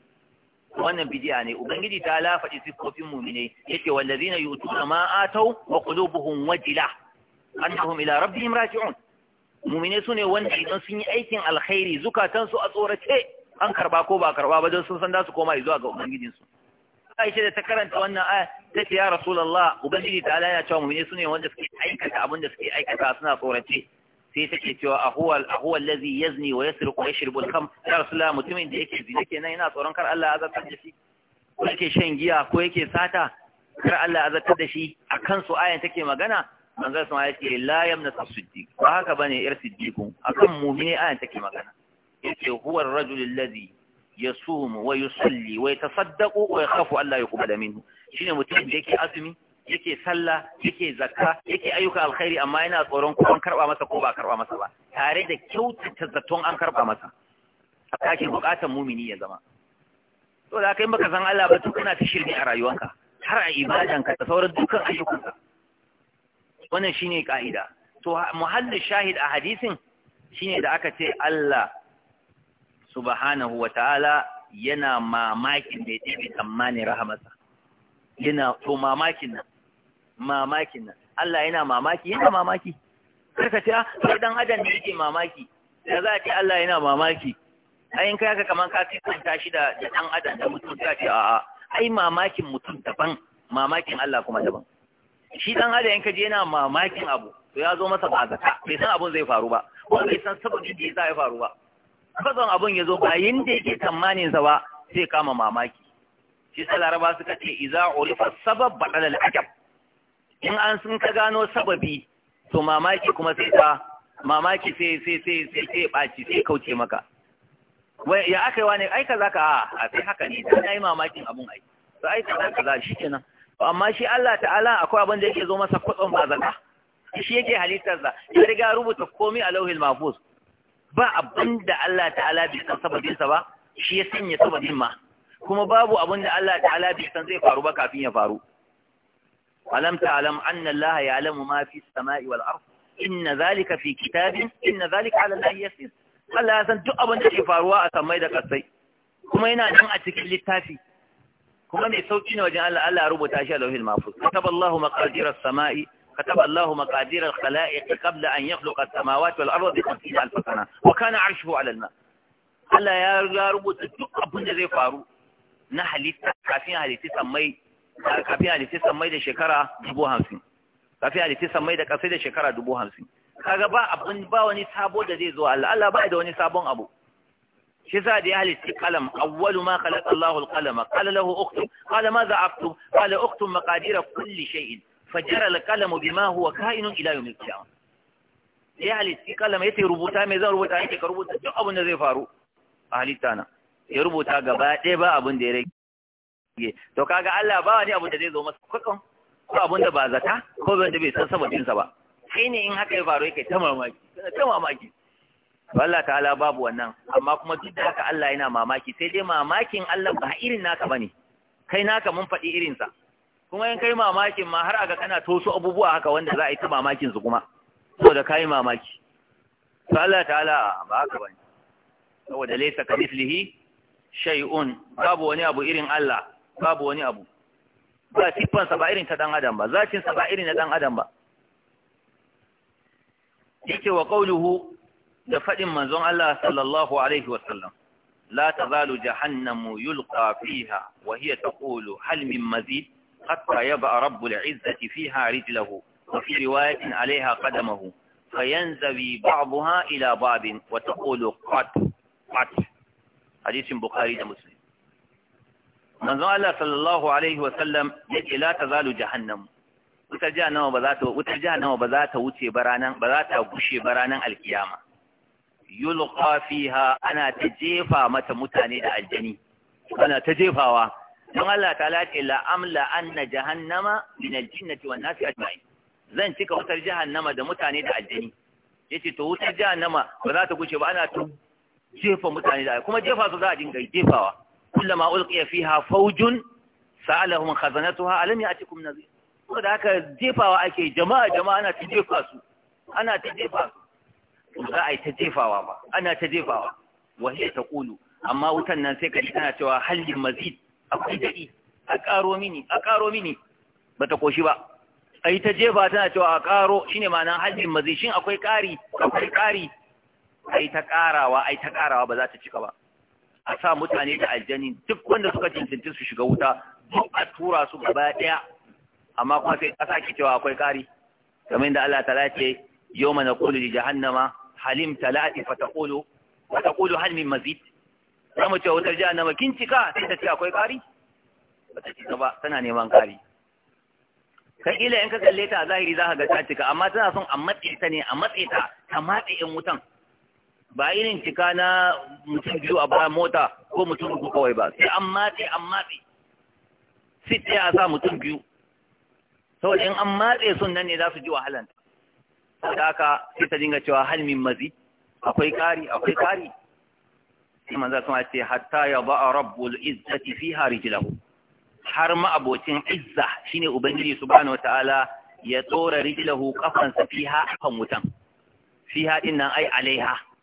wannan bid'a ne ubangiji ta la faɗi sifofin mu'mine yake wallazina yu'tuna ma atau wa qulubuhum wajila annahum ila rabbihim raji'un mu'mine sune wanda idan sun yi aikin alkhairi zukatan su a tsorace an karba ko ba karba ba don sun san da su koma zuwa ga ubangijin su Aisha da ta karanta wannan aya ta ce ya Rasulullah ubangiji ta la ya ce mu'mine sune wanda suke aikata abin da suke aikata suna tsorace sai take cewa a huwa huwa allazi yazni wa yasriqu wa yashrabu al-khamr ya rasulullah mutumin da yake zina kenan yana tsoron kar Allah ya azabtar da shi ko yake shan giya ko yake sata kar Allah ya azabtar da shi akan su ayan take magana manzon sun ya ce la yamna as-siddiq ba haka bane ir siddiqun akan mu'mini ayan take magana yace huwa ar-rajul allazi yasum wa yusalli wa yatasaddaqu wa yakhafu Allah yuqbala minhu shine mutumin da yake azumi yake sallah yake zakka yake ayyuka alkhairi amma yana tsoron ko an karba masa ko ba karba masa ba tare da kyautata zaton an karba masa haka ke bukatar mumini ya zama to da kai baka san Allah ba to kana ta shirme a rayuwanka har a ibadanka da sauran dukkan ayyukanka wannan shine kaida to muhallin shahid a hadisin shine da aka ce Allah subhanahu wataala yana mamakin da ya tsammani rahamarsa yana to mamakin nan mamakin nan Allah yana mamaki yana mamaki karka ce sai ah, dan adam ne yake mamaki da za a ce Allah yana mamaki ai in kai ka kaman ka kanta shi da dan adam da mutum ta ce a'a ai mamakin mutum daban mamakin Allah kuma daban shi dan adam in ka je yana mamakin abu to ya zo masa ba zaka bai san abun zai faru ba ko bai san sabon da zai faru ba kazan abun ya zo ba yinda yake tsammanin sa ba sai kama mamaki shi sai laraba suka ce iza urifa sabab badal al ajab in an sun ka gano sababi to mamaki kuma sai ta mamaki sai sai sai sai sai ɓaci sai kauce maka wai ya aka yi wani aika za ka a sai haka ne dan yi mamakin abun ai to aika za ka za shi kenan amma shi Allah ta'ala akwai abin da yake zo masa kwatsan bazaka shi yake halittar sa ya riga rubuta komai a lauhil mahfuz ba abin da Allah ta'ala bai san sababin sa ba shi ya sanya sababin ma kuma babu abin da Allah ta'ala bai san zai faru ba kafin ya faru alam ta'lam anna allaha ya'lamu ma samai wal inna zalika fi kitabin inna zalika 'ala allahi Allah ya san duk abin ke faruwa a samai da kasai kuma yana nan a cikin littafi kuma mai sauki ne wajen Allah Allah ya rubuta shi a lauhil mahfuz kataballahu maqadir as-sama'i kataballahu maqadir al-khala'iq an yakhluqa as-samawati wal arda bi 50000 sana wa Allah ya rubuta duk abin zai faru na halitta kafin halitta samai kafin san mai da shekara dubu hamsin kafin san mai da ƙasai da shekara dubu hamsin kaga ba abin ba wani sabo da zai zo Allah Allah ba da wani sabon abu shi sa da ya halitti kalam awwalu ma khalaqa Allahu al-qalama qala lahu uktub qala ma za'aktub qala uktub maqadira kulli shay'in fajara al-qalamu bima huwa ka'inun ila yawm al-qiyamah ya halitti kalam yace rubuta me zan rubuta yake ka rubuta duk abin da zai faru a halitta na ya rubuta gaba ɗaya ba abin da ya rage to kaga Allah ba wani abu da zai zo masa kwatsam ko abun da ba zata ko wanda bai san sababin sa ba sai ne in haka ya faru yake ta mamaki ta mamaki Allah ta'ala babu wannan amma kuma duk da haka Allah yana mamaki sai dai mamakin Allah ba irin naka bane kai naka mun faɗi irin sa kuma in kai mamakin ma har aga kana toso abubuwa haka wanda za a yi ta mamakin su kuma saboda kai mamaki to Allah ta'ala ba haka bane saboda laysa kamithlihi shay'un babu wani abu irin Allah babu wani abu ba siffansa ba irin ta ɗan adam ba zacinsa ba irin na ɗan adam ba yake wa ƙauluhu da faɗin manzon Allah sallallahu alaihi wasallam la tazalu jahannamu yulqa fiha wa hiya taqulu hal min mazid hatta yab'a rabbul izzati fiha rijlahu wa fi riwayatin alaiha qadamahu fayanzawi ba'daha ila babin wa taqulu qat qat hadisin bukhari da muslim manzon Allah sallallahu alaihi wa sallam yake la tazalu jahannam wutar jahannama ba za ta wutar jahannama ba za ta wuce ba ranan ba za ta gushe ba ranan alkiyama yulqa fiha ana ta jefa mata mutane da aljani ana ta jefawa don Allah ta lace la amla anna jahannama min aljinnati wan nasi ajma'in zan cika wutar jahannama da mutane da aljani yace to wutar jahannama ba za ta gushe ba ana ta jefa mutane da kuma jefa su za a dinga jefawa kullama ulqiya fiha fawjun sa'alahum khazanatuha alam ya'tikum nadhir saboda haka jefawa ake jama'a jama'a ana ta jefa su ana ta jefa su za a yi ta jefawa ba ana ta jefawa wahiyar ta ƙulu amma wutan nan sai kaji tana cewa hallin mazid akwai daɗi a ƙaro mini a ƙaro mini ba ta ƙoshi ba a yi ta jefa tana cewa a ƙaro shine ne ma'ana hallin mazid shin akwai ƙari akwai ƙari a yi ta ƙarawa a yi ta ƙarawa ba za ta cika ba a sa mutane da aljani duk wanda suka cincinci su shiga wuta duk a tura su gaba ɗaya amma kuma sai ka sake cewa akwai ƙari kamar da Allah ta'ala ce yawma naqulu li jahannama halim talati fa taqulu wa taqulu hal min mazid kamar cewa wutar jahannama kin cika sai ta ce akwai ƙari ba ta cika ba tana neman ƙari kakila in ka kalle ta zahiri za ka ga ta cika amma tana son a matse ta ne a matse ta ta matse in wutan ba irin cika na mutum biyu a bayan mota ko mutum uku kawai ba sai an matse an matse sai ta a sa mutum biyu saboda in an matse sun nan ne za su ji wahalan saboda haka sai ta dinga cewa halmin mazi akwai kari akwai kari sai maza kuma ce hatta ya ba'a rabbul izzati fiha rijlahu har ma abocin izza shine ubangiji subhanahu wataala ya tsora rijlahu kafansa fiha kan wutan fiha din nan ai alaiha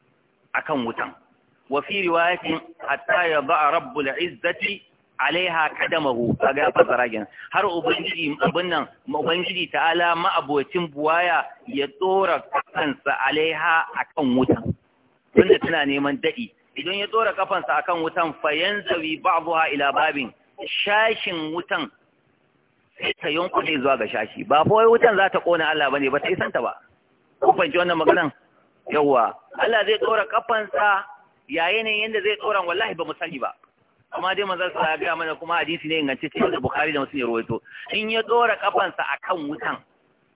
akan wutan wa fi riwayatin hatta ya ba rabbul izzati alaiha kadamahu kaga ya fasara har ubangiji abin nan ubangiji ta'ala ma'abocin buwaya ya tsora kansa alaiha akan wutan tunda tana neman dadi idan ya tsora kafansa akan wutan fayanzawi ba'dha ila babin shashin wutan sai ta yankuɗe zuwa ga shashi ba fa wutan za ta kona Allah bane ba ta isanta ba ku fanci wannan maganar. yawa Allah zai tsora kafansa yayin yanayin zai tsora wallahi ba mu sani ba amma dai manzon sa ya gaya mana kuma hadisi ne ce da Bukhari da Muslim ya rawaito in ya tsora kafansa akan wutan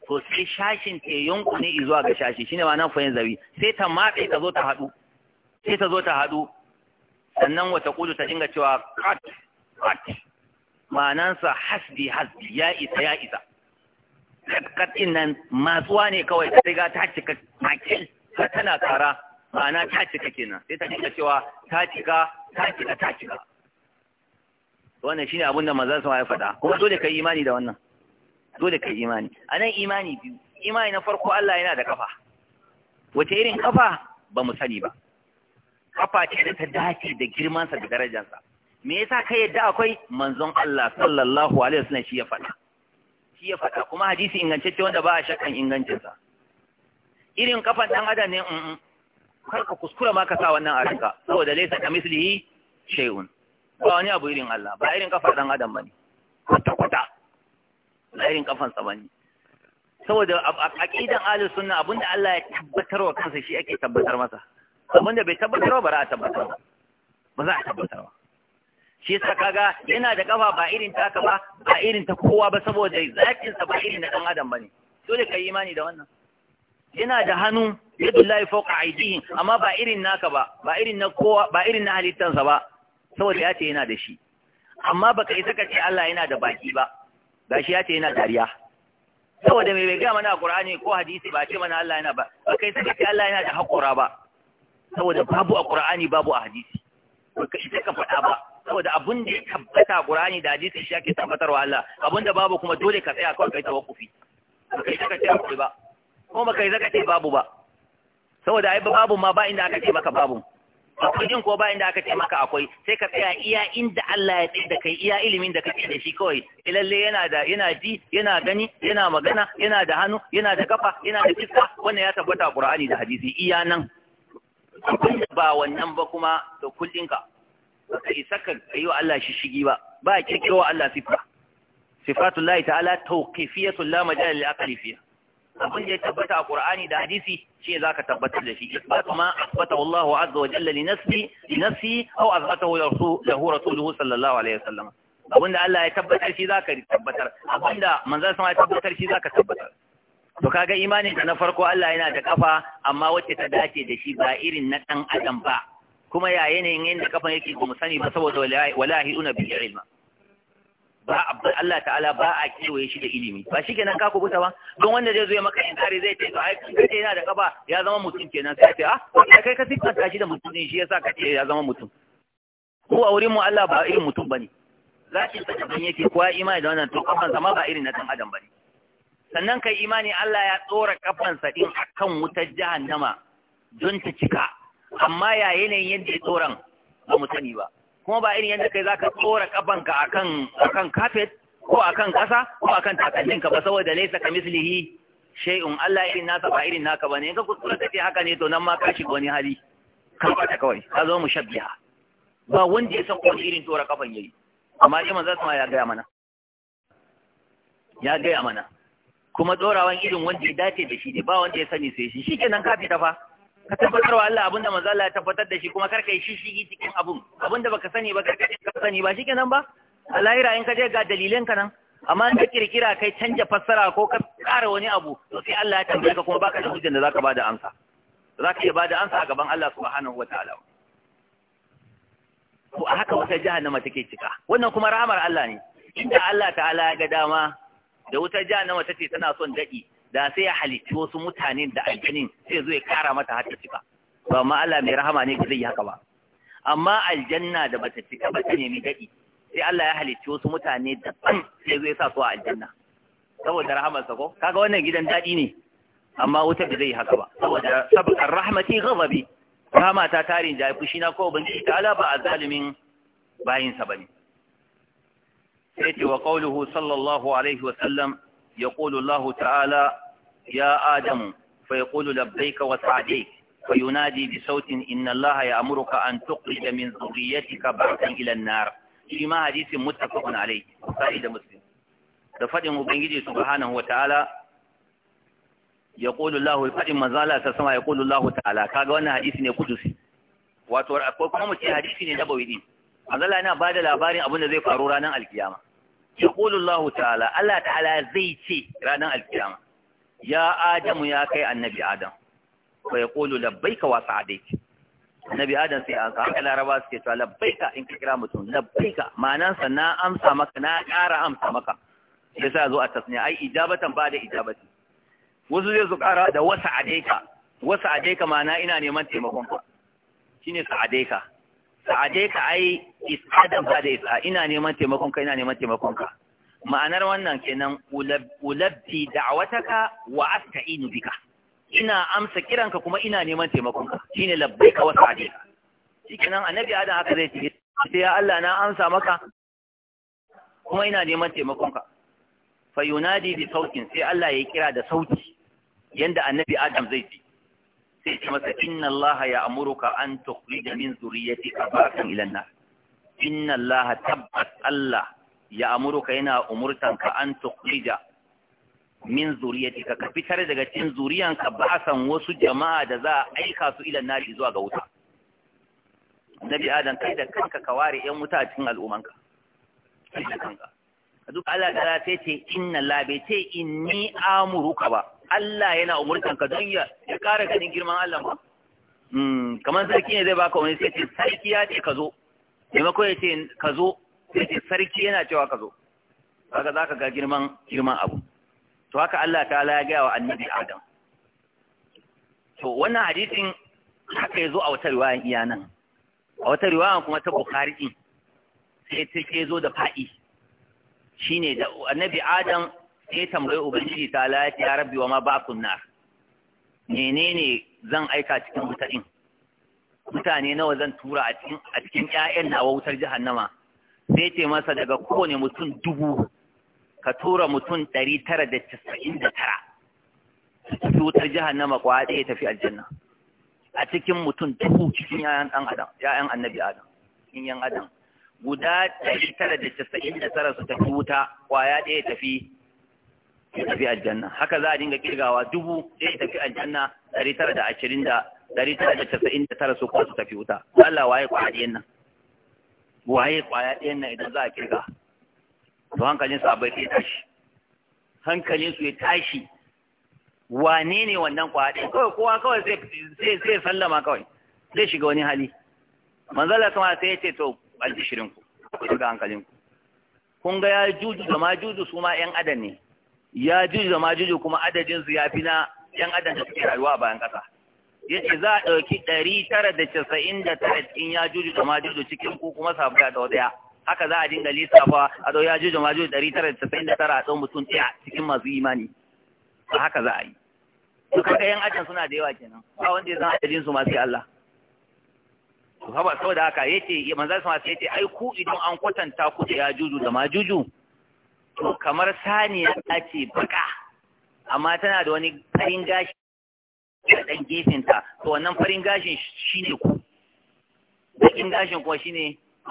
to sai shashin ke yonku ne zuwa ga shashi shine ma nan fayin zawi sai ta matse ta zo ta hadu sai ta zo ta hadu sannan wata kudu ta dinga cewa kat kat Manansa hasbi hasbi ya isa ya isa kat kat nan matsuwa ne kawai ta ga ta cika makil ta tana kara ma'ana ta cika kenan sai ta cika cewa ta cika ta cika ta cika wannan shine abin da manzon sa ya faɗa kuma dole kai imani da wannan dole kai imani anan imani biyu imani na farko Allah yana da kafa wace irin kafa ba mu sani ba kafa ce da ta dace da girman sa da darajar sa me yasa kai yadda akwai manzon Allah sallallahu alaihi wasallam shi ya faɗa shi ya faɗa kuma hadisi ingantacce wanda ba a shakkan ingancinsa irin kafan ɗan adam ne kar ka kuskura ma ka sa wannan a ranka saboda laysa ka mislihi shay'un ba wani abu irin Allah ba irin kafar ɗan adam bane kwata kwata ba irin kafan sa bane saboda aqidan ahlus sunna abinda Allah ya tabbatar wa kansa shi ake tabbatar masa abinda bai tabbatar ba ra'a tabbatar ba ba za a tabbatar ba shi yasa kaga yana da kafa ba irin ta ba ba irin ta kowa ba saboda zakin sa ba irin na dan adam bane dole kai imani da wannan yana da hannu yadullahi fawqa aydihim amma ba irin naka ba ba irin na kowa ba irin na halittansa ba saboda ya ce yana da shi amma baka isa ka ce Allah yana da baki ba gashi ya ce yana dariya saboda me bai ga mana Qur'ani ko hadisi ba ce mana Allah yana ba baka isa ka ce Allah yana da hakora ba saboda babu a Qur'ani babu a hadisi baka isa ka faɗa ba saboda abun da ya tabbata Qur'ani da hadisi shi ake tabbatarwa Allah abun da babu kuma dole ka tsaya kawai kai tawakkufi baka isa ka ce ba ko baka yi zaka ce babu ba saboda ai babu ma ba inda aka ce maka babu akwai jin ko ba inda aka ce maka akwai sai ka tsaya iya inda Allah ya tsaye da kai iya ilimin da kake da shi kawai eh, lalle yana da yana ji yana gani yana magana yana da hannu yana da kafa yana da fiska wannan ya tabbata Qur'ani da hadisi iya nan ba wannan ba kuma da kullin ka ka saka ka wa Allah shi shigi ba ba kirkirowa Allah sifa sifatullahi ta'ala tawqifiyatul la majal lil aqli fiha abin da ya tabbata a Qur'ani da hadisi shi ka tabbatar da shi ba kuma asbatahu Allahu azza wa jalla li nafsi li nafsi aw azbatahu lahu rasuluhu sallallahu alaihi wasallam abin da Allah ya tabbatar shi zaka tabbatar abin da manzon sama ya tabbatar shi zaka tabbatar to kaga imanin da na farko Allah yana da kafa amma wacce ta dace da shi ba irin na dan adam ba kuma ya yanayin yanda kafan yake ba mu sani ba saboda wala hiduna bil ilma ba Allah ta'ala ba a kewaye shi da ilimi ba shi kenan ka kubuta ba don wanda zai zo ya maka inkari zai ce to ai ce yana da kaba ya zama mutum kenan sai ce ah kai ka sifanta shi da mutum ne shi yasa ka ce ya zama mutum ko a wurin mu Allah ba irin mutum bane zakin sa ban yake ko ya imani da wannan to kafan sa ma ba irin na dan adam bane sannan kai imani Allah ya tsora kafan sa din akan wutar jahannama don ta cika amma ya yanayin yadda ya tsoron ba mu ba kuma ba irin yadda kai za ka tsora kafanka akan akan kafet ko akan ƙasa ko akan takalminka ba saboda laisa ka mislihi shay'un Allah irin nasa ba irin naka bane in ka kusura ka ce haka ne to nan ma ka shiga wani hali ka ta kawai ka zo mu ba wanda ya san wani irin tsora kafan yayi amma dai manzo sama ya gaya mana ya gaya mana kuma tsorawan irin wanda ya dace da shi ne ba wanda ya sani sai shi shikenan kafi ta fa ka tabbatar wa Allah abinda manzo Allah ya tabbatar da shi kuma karka yi shishigi cikin abun abinda baka sani ba karka ka sani ba shikenan ba a lahira in ka je ga dalilan ka nan amma in ka kirkira kai canja fassara ko ka kara wani abu to sai Allah ya tambaye ka kuma baka da hujjar da zaka bada amsa zaka iya bada amsa a gaban Allah subhanahu wataala to a haka wata jahannama take cika wannan kuma rahamar Allah ne inda Allah ta'ala ya ga dama da wutar jahannama tace tana son dadi da sai ya halicci wasu mutane da aljanin sai zo ya kara mata har ta cika ba amma Allah mai rahama ne zai yi haka ba amma aljanna da bata cika ba ta nemi dadi sai Allah ya halicci wasu mutane ban sai zo ya sa su a aljanna saboda rahama sa ko kaga wannan gidan dadi ne amma wuta da zai yi haka ba saboda sabaka rahmati ghadabi rahama ta tarin da fushi na ko ubangiji ta ala ba azalimin bayin sa bane sai ce wa qawluhu sallallahu alaihi wa sallam يقول الله تعالى يا آدم فيقول لبيك وسعديك فينادي بصوت إن الله يأمرك أن تخرج من ذريتك بعثا إلى النار فيما حديث متفق عليه فائدة مسلم دفد مبنجي سبحانه وتعالى يقول الله فإن مزالة سسما يقول الله تعالى كاغوانا حديث نكتسي wato akwai kuma mutum hadisi ne nabawi din Allah yana bada labarin abin da zai faru ranar alkiyama yaqulu Allah ta'ala Allah ta'ala zai ce ranar alkiyama ya adamu ya kai annabi adam fa yaqulu labbaika wasu adai. annabi adam sai an kawo laraba suke cewa labbaika in ka kira mutum labbaika ma'anan sa na amsa maka na ƙara amsa maka Ya sa zo a tasniya ai ijabatan ba da ijabati wasu zai su ƙara da wasu adai ka. Wasu adai ka ma'ana ina neman taimakon ka adai ka. sa'ade ka ai isadan ba da isa ina neman taimakon ka ina neman taimakon ka ma'anar wannan kenan ulabbi da'awataka wa asta'inu bika ina amsa kiranka kuma ina neman taimakon ka shine labbaika wa sa'adeka shikenan annabi adam haka zai ce sai ya Allah na amsa maka kuma ina neman taimakon ka fa yunadi bi sautin sai Allah ya kira da sauti yanda annabi adam zai ce sai ce masa inna Allah ya amuruka an tukhrija min zurriyatika a ila ilanna. inna Allah tabbas allah ya amuruka yana umurtan ka an tukhrija min zuriyatika ka fitar daga cikin zuriyanka ba san wasu jama'a da za a aika su ila nari zuwa ga wuta nabi adam kai da kanka ka ware yan wuta cikin al'umanka kai da kanka duk Allah ta ce inna la bai ce inni amuruka ba Allah yana umurtan ka don ya kara ganin girman Allah ba hmm, kamar sarki ne zai baka wani sai ce sarki ya ce ka zo taimako ya ce ka zo sai ce sarki yana cewa ka zo za ka ga girman girman abu to haka Allah ta ta'ala ya gaya wa annabi Adam to wannan hadisin haka yazo a wata riwayan iya nan a wata riwayan kuma ta Bukhari din sai ta ke zo da fa'i shine da annabi Adam sai tambayi ubangiji ta lati ya rabbi wa ma ba kunna menene zan aika cikin wuta din mutane nawa zan tura a cikin a cikin ƴaƴan nawa wutar jahannama sai ce masa daga kowane mutum dubu ka tura mutum ɗari tara da casa'in da tara su wutar jahannama kwa ɗaya tafi aljanna a cikin mutum dubu cikin ƴaƴan ɗan adam ƴaƴan annabi adam cikin ƴan adam guda ɗari tara da casa'in da tara su tafi wuta kwaya ɗaya tafi ya tafi aljanna haka za a dinga kirgawa dubu sai ya tafi aljanna ɗari tara da ashirin da ɗari tara da casa'in da tara su kuma su tafi wuta Allah waye kwaya ɗayan nan waye kwaya ɗayan nan idan za a kirga to hankalin su abai ya tashi hankalin su ya tashi wane ne wannan kwaya ɗayan kawai kowa kawai zai zai sallama kawai zai shiga wani hali manzala kuma sai ya ce to aljishirinku ku shiga ku kun ga ya juju da ma juju su ma 'yan adam ne ya juju da majuju kuma adadin su ya fi na yan adam da suke rayuwa a bayan ƙasa ce za a ɗauki ɗari tara da casa'in da tara cikin ya juju da majuju cikin ku kuma sabu da waɗaya. haka za a dinga lissafa a ɗau ya juju da majuju ɗari tara da casa'in da tara a ɗau mutum ɗaya cikin masu imani a haka za a yi to kaga yan adam suna da yawa kenan ba wanda ya san adadin su masu Allah to haba saboda haka yace manzo masu ya ce ai ku idan an kwatanta ku da ya juju da juju? to kamar saniya ce baka amma tana da wani farin gashi a ɗan gefenta to wannan farin gashin shine ku bakin gashin kuma shine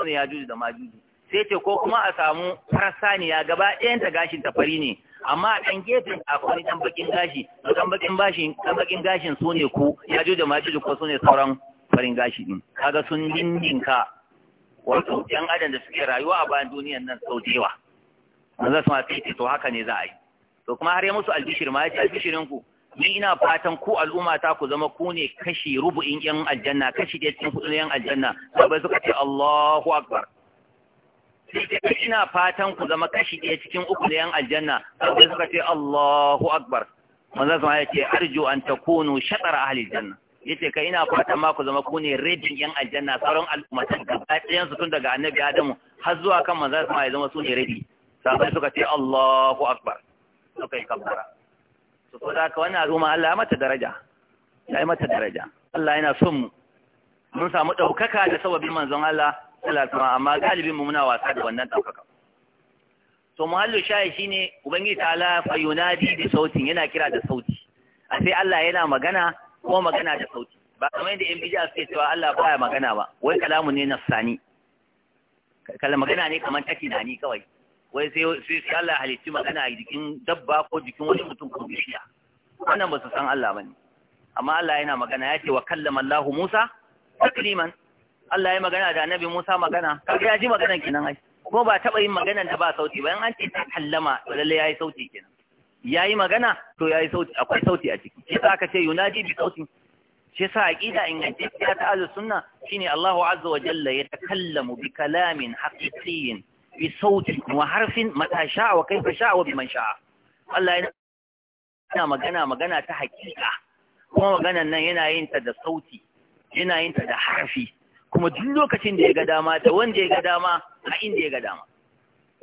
ne ya juju da majuju sai ce ko kuma a samu farar saniya gaba ɗayanta gashin ta fari ne amma a ɗan gefen akwai ɗan bakin gashi to ɗan bakin ɗan bakin gashin su ne ku ya juju da juju ko su ne sauran farin gashi ɗin kaga sun dindinka wato ɗan adam da suke rayuwa a bayan duniyan nan sau da yawa manzon sama sai ce to haka ne za a yi to kuma har ya musu albishir ma ya ce albishirin ku ni ina fatan ku al'umma ta ku zama ku ne kashi rubu'in yan aljanna kashi da cikin kudin yan aljanna sabai suka ce Allahu akbar ina fatan ku zama kashi ɗaya cikin uku da yan aljanna sabai suka ce Allahu akbar manzon sama ya ce arju an takunu shatar ahli aljanna yace kai ina fatan ma ku zama ku ne rejin yan aljanna sauran al'ummatan gaba ɗayan su tun daga annabi Adamu har zuwa kan manzon sama ya zama su ne rabi sabai suka ce Allahu akbar suka yi kabbara su ko da wani al'umma Allah ya mata daraja ya mata daraja Allah yana son mu mun samu ɗaukaka da sababin manzon Allah sallallahu amma galibin mu muna wasa da wannan ɗaukaka to muhallu shayi ne, ubangiji ta'ala fa yunadi bi sautin yana kira da sauti a sai Allah yana magana ko magana da sauti ba kamar yadda yan bija suke cewa Allah baya magana ba wai kalamu ne na sani. magana ne kamar take na ni kawai wai sai sai Allah halitti magana a jikin dabba ko jikin wani mutum ko bishiya wannan ba su san Allah bane amma Allah yana magana ya ce wa kallama Allah Musa takliman Allah ya magana da Annabi Musa magana kaga ya ji maganar kenan ai Ko ba taba yin magana da ba sauti ba in an ce ta kallama lalle yayi sauti kenan yayi magana to yayi sauti akwai sauti a ciki shi aka ce yunadi bi sautin shi yasa aqida ingantacciya ta ahlus sunna shine Allahu azza wa jalla yatakallamu bi kalamin haqiqiyyin bi sauti wa harfin mata sha'a wa kaifa sha'a wa biman sha'a Allah yana magana magana ta hakika kuma maganan nan yana yin ta da sauti yana yin ta da harfi kuma duk lokacin da ya ga dama da wanda ya ga dama a inda ya ga dama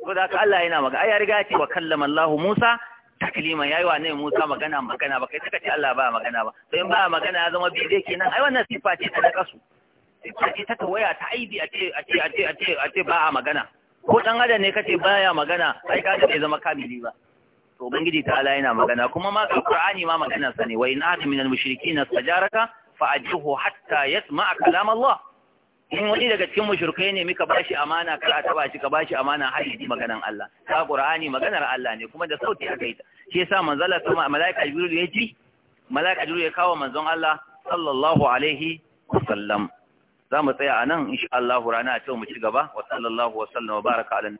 saboda haka Allah yana magana ai ya riga ce wa kallama Allah Musa taklima yayi wa ne Musa magana magana ba kai saka ce Allah ba magana ba to in ba magana ya zama bidai kenan ai wannan sifa ce ta da kasu sifa ce ta waya ta aibi a ce a ce a ce a ce ba a magana ko dan adam ne kace baya magana ai kaga bai zama kamili ba to ubangiji ta'ala yana magana kuma ma alqur'ani ma magana sa ne wa in ahad min al-mushrikeen istajaraka fa'ajjuhu hatta yasma'a kalam Allah in wani daga cikin mushrikai ne muka bashi amana kar a taba shi ka bashi amana har yi maganan Allah ta qur'ani maganar Allah ne kuma da sauti aka yi ta shi yasa manzala kuma malaika jibril ya ji malaika jibril ya kawo manzon Allah sallallahu alaihi wasallam za mu tsaya a nan insha Allah rana a mu ci gaba wa sallallahu wa sallam wa baraka